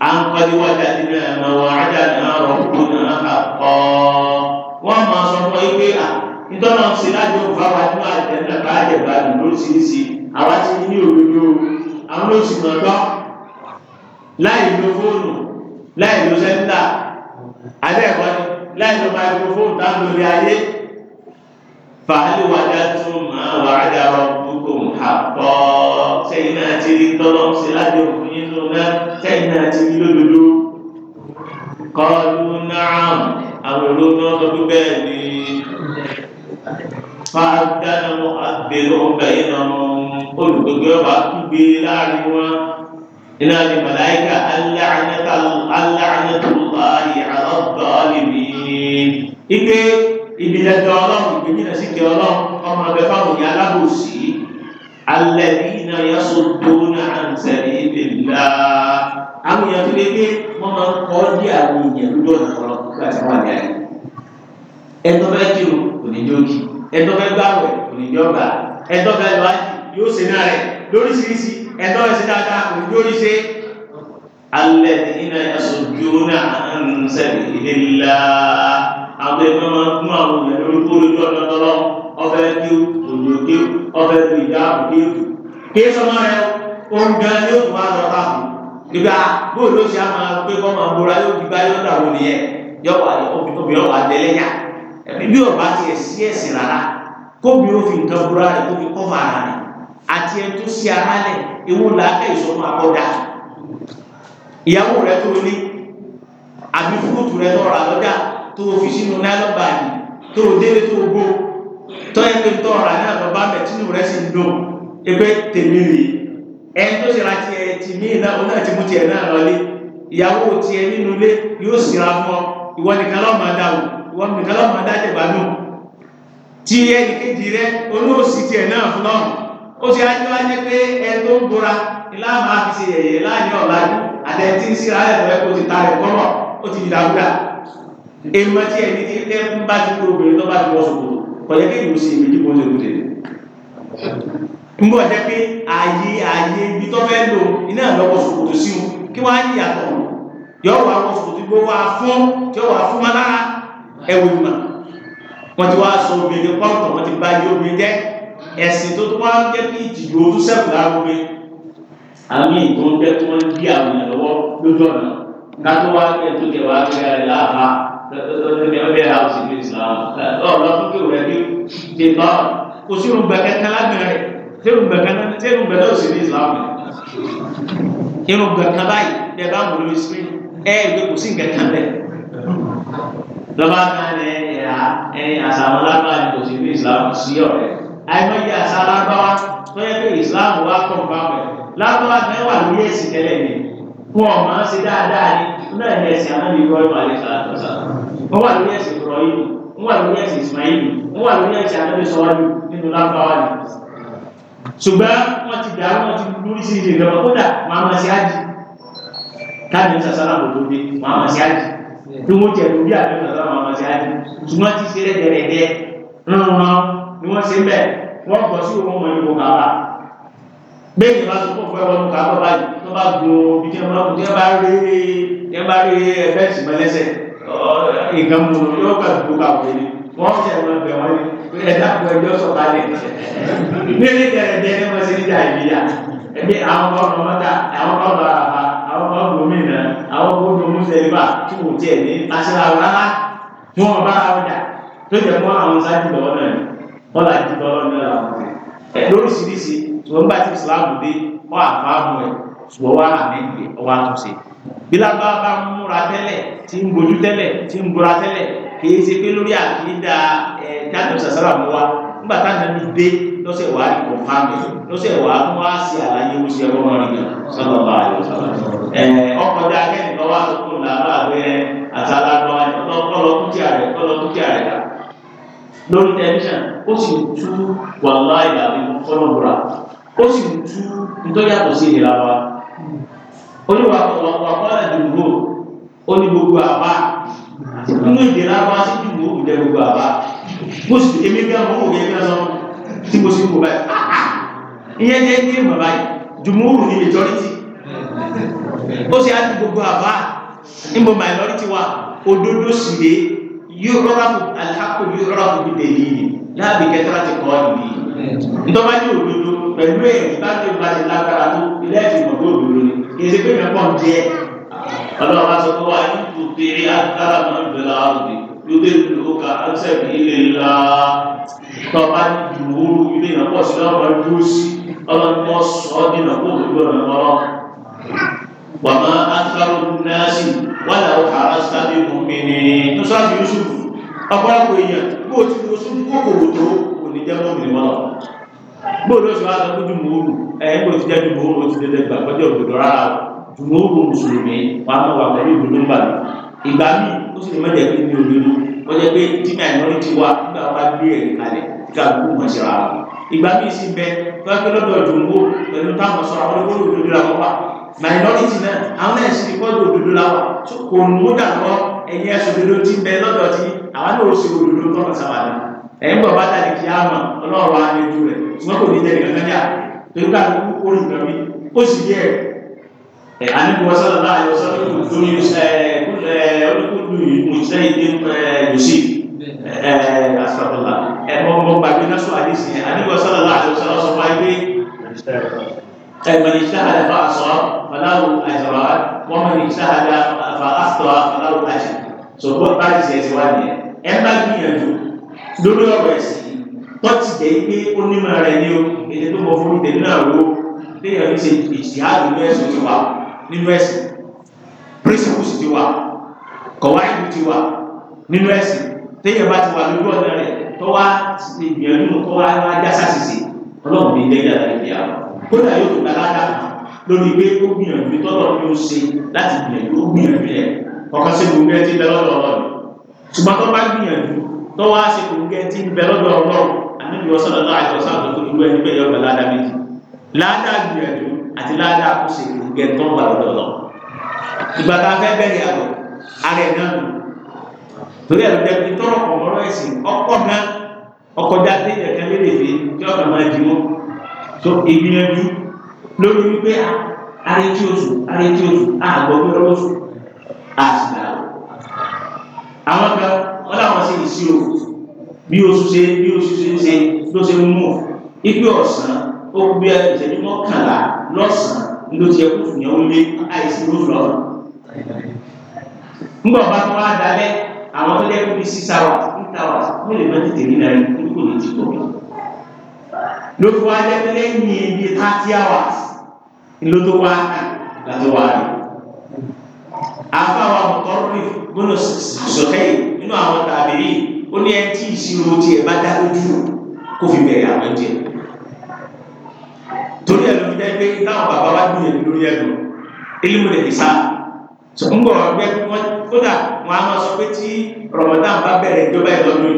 an qad wajadna ma wa'adana rabbuna haqqan wọ́n máa sọ fún yín pé ìtọ́nà sí láti òun fáwọn àdúrà àjẹ́ńdà bá àjẹ̀bá nù lóríṣiríṣi àwa ti ní òdodo àwọn olóṣìmọ̀ gbọ́ láì lo fóònù láì lo sẹ́ńdà adẹ́ẹ̀kọ́ ni láì lo máìkrófóònù táwọn olórí ayé fàálì wàdà tún máa wàá dà rọ̀ kuntum haqqo sẹ́yìn náà ti rí tọ́lọ́ sí láti òfin yín tó náà sẹ́yìn náà ti rí lódodo qalu na'am àwọn èrò náà sọ pé bẹ́ẹ̀ ni fàdánù àgbèrò bẹ̀yìn náà olùgbègbè ọba gbígbé láàrin wọn iná ni màláìka aláàánátàláàánátàláàyè àlọ́dọ́ọ̀lìmí ike ibi lẹ́tọ̀ ọlọ́run ìgbìmí náà sì kẹ́ ọlọ́run ọmọ ọbẹ̀ fáwọn ìyá alábòsí. الذين يصدون عن سبيل الله أم ibi ńlá àwọn èèyàn tó lé pé wọ́n máa ń kọ́ dé àwọn èèyàn lójú ọ̀nà ọ̀rọ̀ nígbà tí wọ́n wà ní ayé ẹ̀tọ́ fẹ́ kí o kò ní jẹ́ òkì ẹ̀tọ́ fẹ́ gbàwẹ̀ kò ní jẹ́ ọ̀gbà ẹ̀tọ́ fẹ́ lọ ayé yóò ṣe náà rẹ̀ lóríṣiríṣi ẹ̀tọ́ fẹ́ dáadáa kò ní jẹ́ oríṣe alẹ́bí náà yẹ so dóná ànsẹ̀lẹ̀ ibi ńlá àwọn ẹgbẹ́ máa ń gún àwọn èèyàn lórí kórìíjọ lọ́tọ́lọ́ ọfẹ́ kí òjò kí ọfẹ́ kí ìjà kí kí sọmọ rẹ òun ni? yóò tún wá lọ bá fún nígbà bóòlù ló ṣe àwọn pé kọ́ máa bóra yóò gbígbá yóò dà wọlé yẹ yóò wà obìnrin wà délé yá bí ọba tiẹ̀ sí ẹ̀sìn rárá kóbi ó fi nǹkan bóra rẹ kó fi kọ́ fà rárá àti ẹni tó ṣe ara lẹ ewu làákẹ́ ìsọmọ tó fi sínú nylon bag tó délé tó gbó tọ́yẹ pé tó ọ̀rà náà lọ bá mẹ́ tínú rẹ̀ sì ń dùn ẹgbẹ́ tèmi rè ẹni tó ṣe ra tiẹ̀ tì mí náà òun náà ti mú tiẹ̀ náà lọlé ìyàwó tiẹ̀ nínú ilé yóò síra fún ọ ìwọ nìkan lọ́ọ́ máa dà ìwọ nìkan lọ́ọ́ dá jẹ̀bá nù tí ẹnì kejì rẹ olóòsì tiẹ̀ náà fún ọ ó ti ájú wá ní pé ẹni tó ń bora ilá máa fi ṣe ẹ̀yẹ láàyè ọ̀làjú àtẹ̀tí síra ẹ̀ lọ́wọ́ kó ti ta rẹ̀ kọ́mọ̀ ó ti yìdàkúdà èèmọ̀ tí ẹni tí ẹ ń bá ti kúrò bẹ̀rẹ̀ tó bá ti wọ́ sòkòtò kọ̀yẹ́ kí ìlú sí èmi ní bọ́ọ̀lù èkúté ń bọ̀ jẹ́ pé ààyè ààyè ibi tó fẹ́ lò iná lọ́wọ́ sòkòtò sí wọn kí wọ́n á ní ìyàtọ̀ yọ wà wọ́n sòkòtò gbó wà fún tí ó wà fún má lára ẹ̀wù ìmọ̀ wọ́n ti wá sọ obìnrin pọ́ǹtọ̀ wọ́n ti bá lọ́dún ní ọ̀bẹ house Islam ọ̀rọ̀ fúnkẹ́ òun ẹni dè bá kò sí òun gbẹ̀kẹ́ kan lágbẹ̀ẹ́ rẹ̀ tí gbẹ̀kẹ́ náà tí òun gbẹ̀kẹ́ òsì ní Islam irun gbẹ̀kẹ́ báyìí bẹ́ẹ̀ bá wọlé sí ẹ ẹgbẹ́ kò sí gbẹ̀kẹ́ bẹ́ẹ̀ lọ́ba kan ní ẹ̀yà ẹ̀yìn àṣà àwọn lágbàá ní kò sí Islam sí ọ̀rẹ́ àìmọye àṣà lágbàá tó yẹ Islam wà kọ̀ lágbàá mẹ́wàá lórí ẹ̀sìn tẹ́lẹ̀ ni wọn náà ní ẹ̀sìn anábì ibrahim alẹ́sàlátọ̀sà wọ́n wà lórí ẹ̀sìn ibrahim wọ́n wà lórí ẹ̀sìn ismail wọ́n wà lórí ẹ̀sìn anábì sọ́wájú nínú lábáwá ni ṣùgbọ́n wọ́n ti dá wọ́n ti lórí sí ilé ìjọba kódà máa ma ṣe ájì káàdì ń sàṣàlà kò tó dé máa ma ṣe ájì tí wọ́n jẹ lórí àbẹ̀wò sàṣàlà máa ma ṣe ájì ṣùgbọ́n ti ṣe ni wọ́n ṣe bẹ́ẹ̀ wọ́n bọ̀ sí òun mọ̀ ní bẹ́ẹ̀ ni wọ́n sọ fún ẹ̀rọ ká tó bá tó bá gbọ́ bí kí wọ́n kún tí wọ́n bá rí tí wọ́n bá rí ẹgbẹ́ ìsìnmọ́lẹ́sẹ̀ nǹkan mu yóò kà tó kà wọ́n ni wọ́n sì ẹ̀rọ bẹ̀ wọ́n ni ẹ̀dá kọ ẹjọ́ sọ̀tà lẹ̀ ní ní ẹ̀ẹ́dẹ́ ẹ̀ mọ̀ sí ní ìjà ìbíyà ẹ̀mí àwọn ọmọ mọ́ta àwọn ọmọ àbá àwọn ọmọ gómìnà àwọn ọmọ mùsẹ̀lẹ́bà tí kò tiẹ̀ ní aṣọ àwọn rárá wọn bá àwọn jà tó jẹ́ mọ́ àwọn sáájú lọ́wọ́ náà wọ́n là jí lọ́wọ́ Eh, lóríṣiríṣi ṣùgbọ́n bá ti Islam dé ọ àfáàmù ẹ̀ ṣùgbọ́n wà àmẹ́gbẹ́ ọwọ́ àtúnṣe bílábà bá ń múra tẹ́lẹ̀ tí ń bojú tẹ́lẹ̀ tí ń bora tẹ́lẹ̀ kìí ṣe pé lórí àkídà ẹ̀ dáàbò sàṣàrà mọ́ wa nígbà táwọn mi dé lọ́sẹ̀ wà á kò fáàmì lọ́sẹ̀ wà á mú àṣì àlàyé oṣù ẹ̀rọ wọn rí gan sọ́dọ̀ bá a yọ sọ́dọ̀ ọkọ̀ dá akẹ́kọ̀ọ́ wá lórí tẹlifíṣàn ó sì tú wàlúwà ìdàbí fọlọ́bùrà ó sì tú ntọ́jàtọ̀ sí ìlera wa oníwà ọ̀pọ̀lọpọ̀ àpárá ìdìbò ó ní gbogbo àbá nínú ìdìrà wa sí ìdìbò ó kùdẹ gbogbo àbá mo sì èmi bí ọmọ òwe ẹgbẹ́ sọ tí mo sì ń bọ̀ báyìí ah, ah, ìyẹn jẹ́ ní ìmọ̀ báyìí jùmúrù ní majority ó sì á ti gbogbo àbá ìmọ̀ minority wa òdodo sì lé yóò rọra fún alhako yóò rọra fún bídẹ̀ yìí láàbì kẹta ti kọ́ ìbí ntọ́ba ní òdodo pẹ̀lú èyí bá ti ba ti lágbára tó ilé ẹ̀sìn mọ̀ tó òdodo ni kì í ṣe pé mi pọ̀ ń jẹ́ ọlọ́run aṣọ tó wà ní tòkèrè agbára mọ́ ìbẹ̀lẹ̀ àrùbí lóde ìlú ka ẹsẹ̀ ní ilé ńlá tọ́ba ní ìdúró ilé náà pọ̀ sí ọmọ dúró sí ọlọ́run mọ́ sọ ọ́ nínú kó òdodo yusuf ọ̀pọ̀lọpọ̀ èèyàn bó ti wo sójú kòkòrò tó kò ní jẹ́ mọ́mìnì mọ́ bó ló ṣe wá sọ pé jùmọ̀ọ́rù ẹ̀yìn bó ti jẹ́ jùmọ̀ọ́rù ti dédé gbà pẹ́jọ́ òdòdó rárá jùmọ̀ọ́rù mùsùlùmí wọn á wà pẹ̀lú ìdùnnú gbà ìgbà míì ó sì lè mọ́jẹ̀ pé ní òdòdó wọ́n jẹ́ pé tí minority wa nígbà wọn bá gbé ẹ̀rí kalẹ̀ kí àgùkù mọ̀ ṣe rárá ìgbà míì sì bẹ fẹ́ẹ́ lọ́dọ̀ jùmọ̀ pẹ̀lú táwọn sọ̀rọ̀ àwọn olóòdòdó làwọn wà minority náà àwọn náà sì kọ́ ẹ̀yin ẹ̀sùn òdodo ti bẹ lọ́dọ̀ tí àwa náà ó sì òdodo tọ́nà sábà ní ẹ̀yin bọ̀ bá tàbí kí á mọ̀ ọlọ́run wa ní ojú rẹ̀ ṣùgbọ́n kò ní jẹ́ nìkan kájà torí ká ló kó nǹkan mi ó sì yẹ ẹ̀ àníkùwọ́ sọ́dọ̀ náà ayọ̀ sọ́dọ̀ lórí olùkúndùn ìmùsẹ́ ìdí yòsí asọ́dọ̀lá ẹ̀mọ́ ọmọ gbàgbé náà sọ àdìsí àníkùwọ́ sọ́dọ̀ náà ayọ̀ sọ́dọ̀ sọ wáyé pé ẹ̀mọ̀ ìṣáhàdà fa asọ aláwọ àjẹ sọgbọn bá ti ṣe ti wá ní ẹ bá gbìyànjú lórí ọ̀rọ̀ ẹsìn tọ́tì jẹ́ pé ó nímọ̀ rẹ ní o èdè tó mọ fún tèmi náà wo léèyàn fi ṣe ìṣì àdùn ní ẹ̀sùn ti wà nínú ẹ̀sìn principles ti wà kọ̀wáìlú ti wà nínú ẹ̀sìn téèyàn bá ti wà lójú ọ̀nà rẹ̀ tó wá ìgbìyànjú tó wá wá jásà ṣìṣe ọlọ́run ní ìdẹ́gbẹ̀rẹ̀ ìdíyàwó kódà yóò tó gbàgbà dàgbà lórí pé ó gbìyànjú tọ́lọ̀ ní ó ṣe láti gbìyànjú ó gbìyànjú ẹ̀ ọkàn sí gbogbo ẹ ti bẹ lọ́dọ̀ ọlọ́run ṣùgbọ́n tó bá gbìyànjú tó wá sí gbogbo ẹ ti bẹ lọ́dọ̀ ọlọ́run àníbi ọ̀sán lọ́dọ̀ àjọ sáàtọ̀ tó irú ẹni bẹ́ẹ̀ yọgbà ládàá méjì ládàá gbìyànjú àti ládàá kó ṣe gbogbo ẹ tó ń wà lọ́dọ̀ ọlọ́run ìgbà tá a fẹ́ bẹ̀rẹ̀ àbọ̀ ara ẹ̀ náà torí ẹ̀ lọ́dẹ bí tọ́rọ̀ pọ̀ mọ́rọ́ ẹ̀sìn ọkọ̀ náà ọkọ̀ dá dé ẹ̀kẹ́ lé lè fi máa jí mọ́ so ìgbìyànjú lórí wípé arètí oṣù arètí a àgbọ̀gbẹ́ lọ́wọ́sù àṣìlá àwọn kan wọ́n láwọn ṣe ìṣirò bí oṣù ṣe bí oṣù ṣe ń ṣe ló ṣe ń mú ipe ọ̀sán ó gbé ìṣẹ́jú mọ́kànlá lọ́sàn-án ló ti ẹkú fún yẹn lé àìsí lóṣù lọ́wọ́ ńgbọ̀n bá tó wá dalẹ̀ àwọn tó lẹ́kùn bíi six hours eight hours wọ́n lè má tètè rí náírà nípò ní ti pọ̀ lóṣù wá lẹ́kùn lẹ́yìn thirty hours ló tó wá látọ̀ wá rí afáwọn ọ̀tọ́rì gbọ́nà sọ̀kẹ́yì nínú àwọn tàbí yìí ó ní ẹtí ìṣirò tiẹ̀ bá dá lójú kó fi bẹ̀rẹ̀ àwọn jẹ torí ẹ̀ ló fi jẹ́ pé táwọn bàbá wa gbìyànjú lórí ẹ̀ lọ elimu lè fi sá ń bọ̀ ọgbẹ́ kódà wọn a máa sọ pé tí Ramadan bá bẹ̀rẹ̀ ìjọba ẹ̀ lọ́dún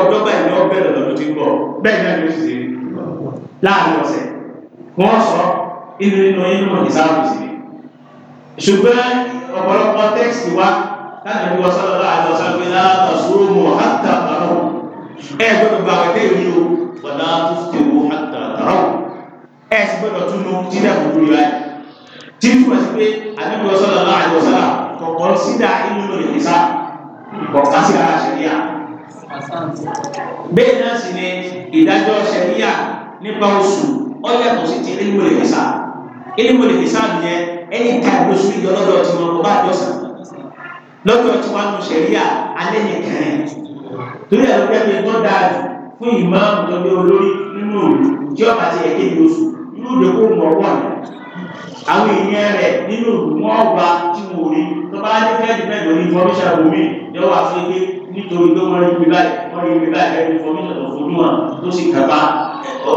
ọjọ́ba ẹ̀ ní lọ́dún ti ń bẹ́ẹ̀ ni a lè ṣe láàrin ọ̀sẹ̀ wọ́n sọ inú inú inú ìsáàbù sí i ṣùgbọ́n ọ̀pọ̀lọpọ̀ tẹ́kìtì wa láti ẹ̀kọ́ sọ́dọ̀ àti ọ̀sánfẹ́ látọ̀ sóró mọ̀ hátà tàrọ̀ ẹ̀ gbọ́dọ̀ gba àwọn ẹ̀kẹ́ yìí o wọ̀nà tó ti wo hátà tàrọ̀ ẹ̀ sì gbọ́dọ̀ tún nu jíjà gbogbo yìí láì tí ni ìdájọ́ ṣẹ̀ríyà nípa oṣù ọ̀yàtọ̀ sí ti ilé ilimul hisab yẹn ẹni ká ló sún yọ lọ́dọ̀ tí wọn kò bá jọ sàn lọ́dọ̀ tí wọn nù sẹ̀ríà alẹ́ nìkan torí ẹ̀rọ pẹ́ mi wọ́n dáa fún ìmáàmù tó ní olórí nínú tí ọba ti ẹ̀kẹ́ ní oṣù nínú ìdókò mọ̀ wọ́n àwọn èèyàn rẹ̀ nínú wọn wá tí mo rí tó bá ní fẹ́ẹ́ di mẹ́jọ ní fọmíṣà omi ni wọ́n wá fi gbé nítorí pé wọ́n rí ibi báyìí wọ́n rí ibi báyìí ẹni fọmíṣà tó fojú hàn tó sì kápá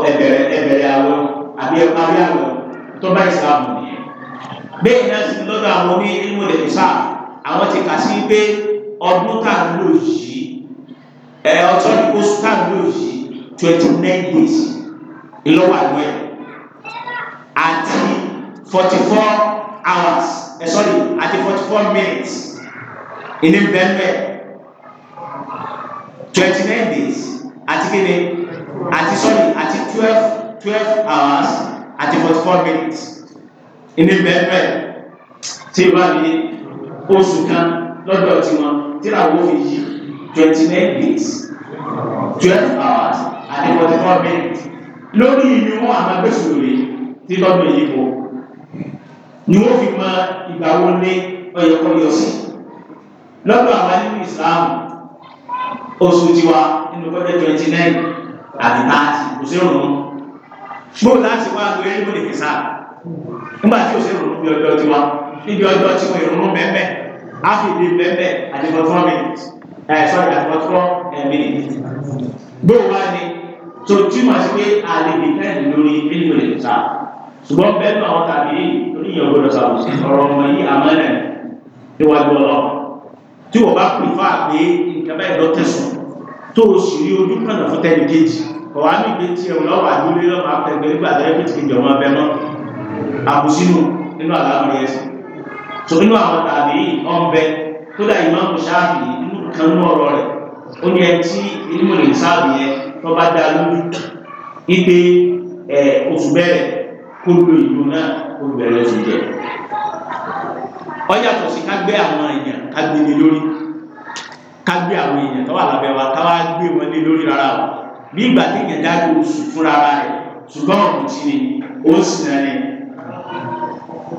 ẹbẹ̀rẹ̀ ẹbẹ̀rẹ̀ àwọn àbí ẹ̀párí àwọn tọ́ba ìsìlámù ni bẹ́ẹ̀ náà sì lọ́dọ̀ àwọn oní ìmúlẹ̀ ìsà àwọn ti kà sí pé ọdún tàbílò yìí ẹ ọtọ́ ní oṣù tàbílò yìí twenty nine days ìlọ́wọ́ àgbẹ̀ àti forty four hours ẹ sọ́rí àti forty four minutes ìní bẹ́ẹ̀ twenty nine days àti kíni àti sọ́rí àti twelve twelve hours àti forty four minutes ní bẹ́ẹ̀ tí ó bá ní oṣù kan lọ́dọ̀ tiwọn tí làwọn fi yí twenty nine days twelve hours àti forty four minutes lórí ìlú wọn àmàgbèsò rè tí lọ́dọ̀ yìí bọ̀ ni wọ́n fi mọ ìgbà wo ní ọ̀yọ̀kọ̀yọ̀ sí lọ́dọ̀ àwọn nínú Islam oṣù tiwa nínú kọ́jọ́ twenty nine àti thirty kò sí òun gbó láti wá lórí ìlú lè kìsà nígbà tí o ṣe ronú bí ọjọ́ tiwa níbi ọjọ́ tí wọ́n ìrònú mẹ́mẹ́ áfìdí mẹ́mẹ́ àdìgbọ́tọ́ mìnìtì ẹ̀ sọ́dọ̀ àdìgbọ́tọ́ mìnìtì gbó wá ní tó túmọ̀ sí pé àlejò náà lórí ìlú lè kìsà ṣùgbọ́n bẹ́ẹ̀ náà wọ́n tàbí oníyàn gbọ́dọ̀ ṣàwùsí ọ̀rọ̀ ọmọ yìí àmọ́lẹ̀ níwájú ọlọ́ tí wọ́n bá pè fáà pé nǹkan báyìí lọ tẹ̀sùn tó o sì rí ojú kan náà fún tẹ́lẹ̀ kejì kò wá ní ìgbé tiẹ̀ lọ́wọ́ àdúlé lọ́wọ́ àpẹgbẹ́ nígbà tó yẹ kó ti jọmọ abẹ mọ́ àbùsínú nínú àlámọ̀ yẹn sí. tó nínú àwọn tàbí ọ̀nbẹ tó dà ìmọ̀ mùsáàbì nínú kan nú ọ̀rọ̀ rẹ̀ ó ní ẹ tí inú lè sáàbì yẹn tó bá dá lójú ipe oṣù bẹ̀rẹ̀ kó lo ìlú náà kó bẹ̀rẹ̀ oṣù jẹ. ọjà tòsí ká àwọn èèyàn ká lórí ká àwọn èèyàn tó wà lábẹ́ wa ká gbé wọn lórí rárá o bí ìgbà tí èèyàn dájú oṣù fúnra rẹ̀ ṣùgbọ́n ọ̀hún ti ni ó sì náà ni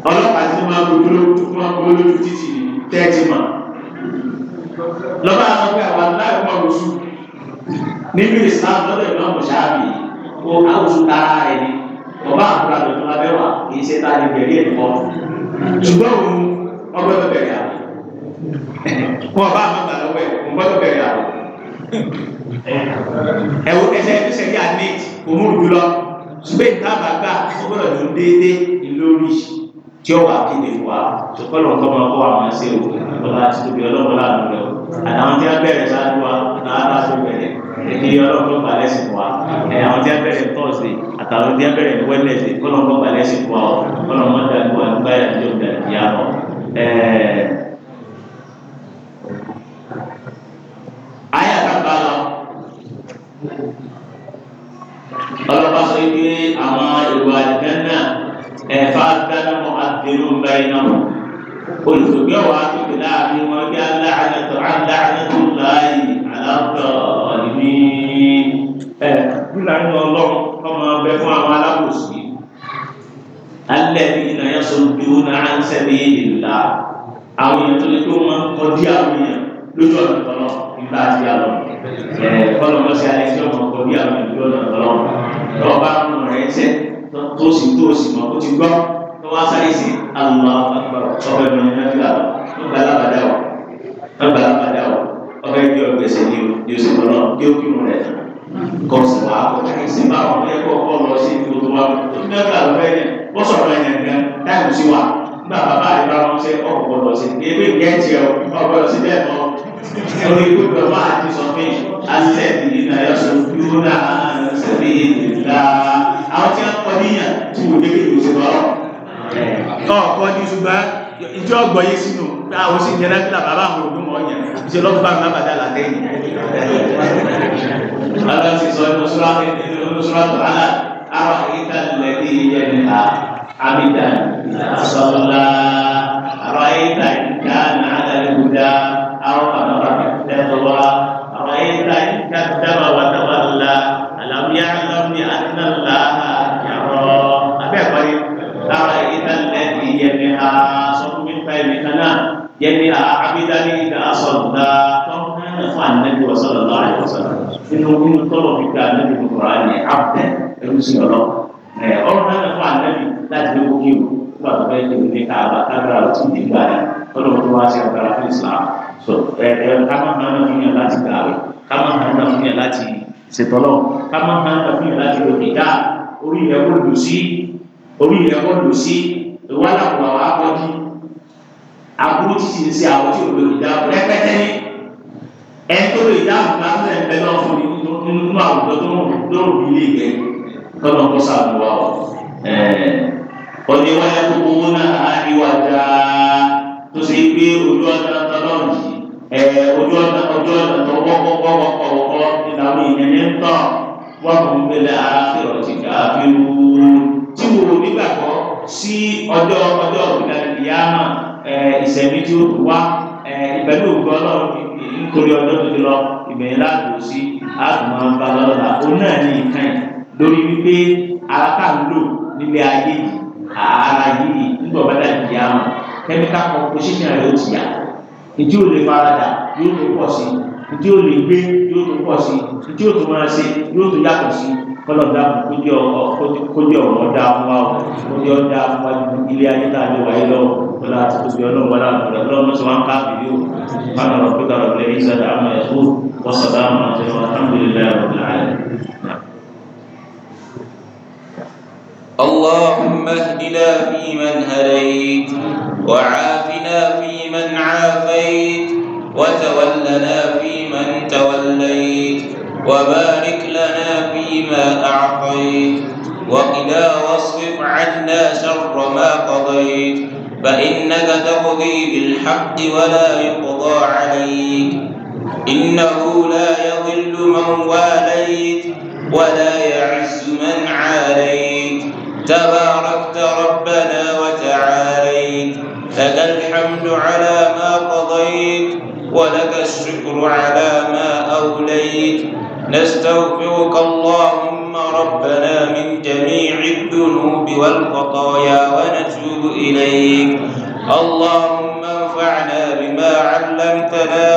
ọlọ́pàá tí wọ́n kó lójú lójú títì ni tẹ́ẹ̀tì mọ̀ lọ́ba àwọn ọgbẹ́ àwọn aláìwọ̀ oṣù nínú ìsìlámù lọ́dọ̀ ìlú ọ̀pọ̀ ṣáàbì ó àwòṣù tara rẹ̀ ni ọba àkúrà lọ́dọ̀ lábẹ́wà kì í ṣe tá a bẹ̀rẹ̀ ẹ̀ kọ́ ṣùgbọ́n òun ọgbẹ́ ẹ̀wọ̀ ẹsẹ̀ ẹ̀fẹsẹ̀ yà nate òmùrùkú lọ ṣùgbọ́n ìtàbà gbà ọgbọ́dọ̀ ló ń déédé ìlórí tí ó wà kéde wà ṣùkọ́lọ̀ nǹkan máa kọ́ àwọn ẹsẹ̀ o ọ̀la ti tóbi ọlọ́pàá láàánú rẹ o àtàwọn tí a bẹ̀rẹ̀ sáájú wa àtàwọn aláṣọ bẹ̀rẹ̀ èdè ọlọ́pàá balẹ̀ sí wa àwọn tí a bẹ̀rẹ̀ tọ́sídẹ̀ẹ́ àtàwọn tí a bẹ̀rẹ̀ wẹ́nẹ̀sì kọ́lọ̀ nǹkan balẹ̀ sí wa kọ́lọ̀ mọ́tàlúwà nígbà yà ayé àtàkùn àlọ ọlọ́pàá sọ pé àwọn ìwà àdìgánná ẹ̀fà dáná àdìrú báyìí náà olùsọ̀gbẹ́ wa tóbi láàrin wọn bí aláàánẹ́tọ̀ aláàánẹ́tọ̀ láàyè aláàbọ̀ ọ̀nìmí ẹ̀ fúlàní ọlọ́run ọmọ ọbẹ̀ fún àwọn alábòsí alẹ́bí iná yẹn sọ pé ó náà ń sẹ́ni ìlà àwọn èèyàn tó lè tó wọn kọ́ àwọn èèyàn lójú ọ̀nà tọ́lọ́run nígbà tí a lọ ẹ fọlọ lọ sí alẹ tí ọmọ ọkọ bí àwọn ìlú ọ̀nà tọ́lọ́ lọ bá ń rẹ̀ ń sẹ́ tó sì tó sì mọ̀ tó ti gbọ́ tó wá sáré sí alùpàá ọbẹ̀ mọ̀nyẹ́ náà fi àlọ́ tó gba alábàdà ọ̀ tó gba alábàdà ọ̀ ọbẹ̀ bí ọgbẹ́ sẹ́ ni o ni o sì mọ̀ lọ bí ó kí mu rẹ̀ kọ́ sí wa kọ́ sí ma ọ̀rẹ́ kọ́ kọ́ lọ sí ìfowópamọ́ tó ń bẹ́ẹ̀ nígbà bàbá àti bàbá wọn ṣe ọ̀rọ̀ gbọdọ̀ sí ewé gẹ́ẹ̀tì ẹ̀ ọgbọdọ̀ sí bẹ́ẹ̀ mọ́ orí gbogbo ọmọ àti sọ pé alẹ́ ìdílé náà sọ dúró náà sẹ́ni ìdílá àwọn tí wọ́n kọ́ níyàn tí wò dé kéde òṣèlú ọ̀rọ̀. ọkọ ní ṣùgbọ́n ìjọ ọgbọ yé sínú àwọn sì jẹrẹ kí bàbá àwọn òdùn mọ ọyàn ìṣe lọgbà mi bàbá dàlà lẹ́yìn. bàbá ti sọ ìmọ̀sọ́ra ìmọ̀sọ́ra tó hàn án àwọn ìdílé ìyẹn nìyà. عبدا صلى أرأيت إن كان على الهدى أو أمر بالتقوى أرأيت إن كذب وتولى ṣètọ́lọ́ ká má máa ń gbà fún yàrá ti lò kíkà orí rẹ̀ kò lù sí orí rẹ̀ kò lù sí ìwà làwọn àwọn akọ́jú aburú ti sì ń ṣe àwọn tí olórí dáhùn rẹpẹtẹ ní ẹni tó lè dáhùn lásìlẹ̀ ń bẹ náà fún mi nínú àwùjọ tó ń lòrò bí ilé ìgbẹ́ kọ́nà kó sàbùwà ọ̀ ọ̀nìwáyà gbogbo náà á ní wájà tó ṣe pé ojú ọ̀dà ojú ọ̀nà ojú ọ̀nà tó wọ́pọ̀ wọ́pọ̀ wọ́pọ̀ ìlànà ìyẹn ń tọ̀ wọ́n kò ń gbélé àáfẹ́ ọ̀tí káfíru tí mo rò nígbàgbọ́ sí ọjọ́ ọjọ́ òkúta ìyáàmà ìsẹ̀mí tí ó kù wá ìbẹ̀lú òkú ọlọ́run nítorí ọjọ́ tó ti lọ ìbẹ̀yìn láàbò sí àtùmọ̀ ọba lọ́la òun náà ní ìkan lórí wípé aráta ń lò nílé ayé yìí ara yìí nígbà ọba dàbí ìyáàmà kẹ́míkà kọ̀ọ̀kọ̀ ṣíṣàn rẹ̀ ó ti yàtọ̀ ìdí ò lè faradà yóò tó pọ̀ sí ìdí ò lè gbé yóò tó pọ̀ sí ìdí ò tó máa ṣe yóò tó yàtọ̀ sí kọlọ̀dà kójú ọ̀rọ̀ dá fún wa o kójú ọ̀rọ̀ dá fún wa ilé ayé tá a lè wáyé lọ́wọ́ wọlé àti kójú ọlọ́wọ́ wọlé àti kójú ọlọ́wọ́ sọ wọn káàkiri o wọn lọ pé kọlọ̀ lẹ́yìn sọ̀rọ̀ àwọn ẹ̀kọ́ wọ́n sọ̀rọ̀ àwọn àti wọn اللهم اهدنا فيمن هديت وعافنا فيمن عافيت وتولنا فيمن توليت وبارك لنا فيما أعطيت وقنا واصرف عنا شر ما قضيت فإنك تقضي بالحق ولا يقضى عليك إنه لا يضل من واليت ولا يعز من عاليت تباركت ربنا وتعاليت لك الحمد على ما قضيت ولك الشكر على ما أوليت نستغفرك اللهم ربنا من جميع الذنوب والخطايا ونتوب إليك اللهم انفعنا بما علمتنا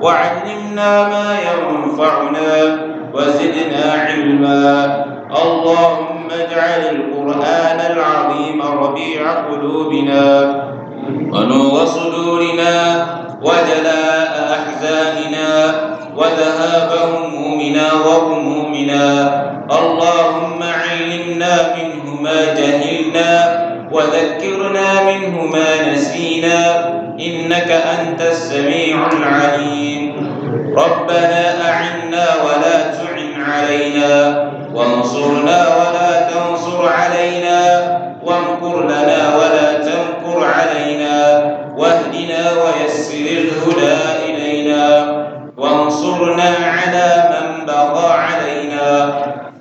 وعلمنا ما ينفعنا وزدنا علما اللهم اللهم اجعل القرآن العظيم ربيع قلوبنا ونور صدورنا وجلاء أحزاننا وذهاب همومنا وغمومنا اللهم علمنا منه ما جهلنا وذكرنا منه ما نسينا إنك أنت السميع العليم ربنا أعنا ولا تعن علينا وانصرنا ولا تنصر علينا وامكر لنا ولا تمكر علينا واهدنا ويسر الهدى إلينا وانصرنا على من بغى علينا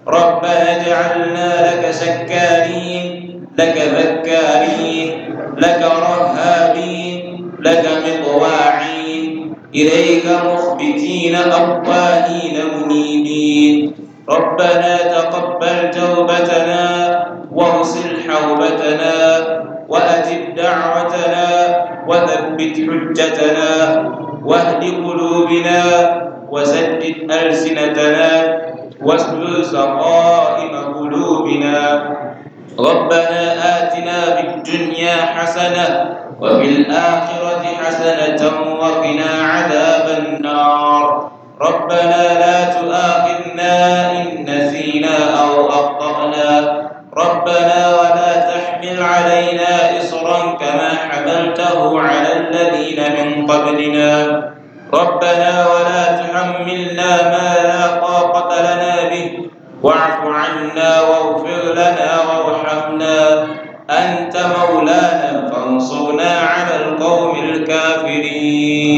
ربنا اجعلنا لك سكارين لك ذكارين لك رهابين لك مطواعين إليك مخبتين أوائين منيبين ربنا تقبل توبتنا واغسل حوبتنا وأجب دعوتنا وثبت حجتنا واهد قلوبنا وسدد ألسنتنا واسلل سقائم قلوبنا ربنا آتنا في الدنيا حسنة وفي الآخرة حسنة وقنا عذاب النار ربنا لا تؤاخذنا إن نسينا أو أخطأنا ربنا ولا تحمل علينا إصرا كما حملته على الذين من قبلنا ربنا ولا تحملنا ما لا طاقة لنا به واعف عنا واغفر لنا وارحمنا أنت مولانا فانصرنا على القوم الكافرين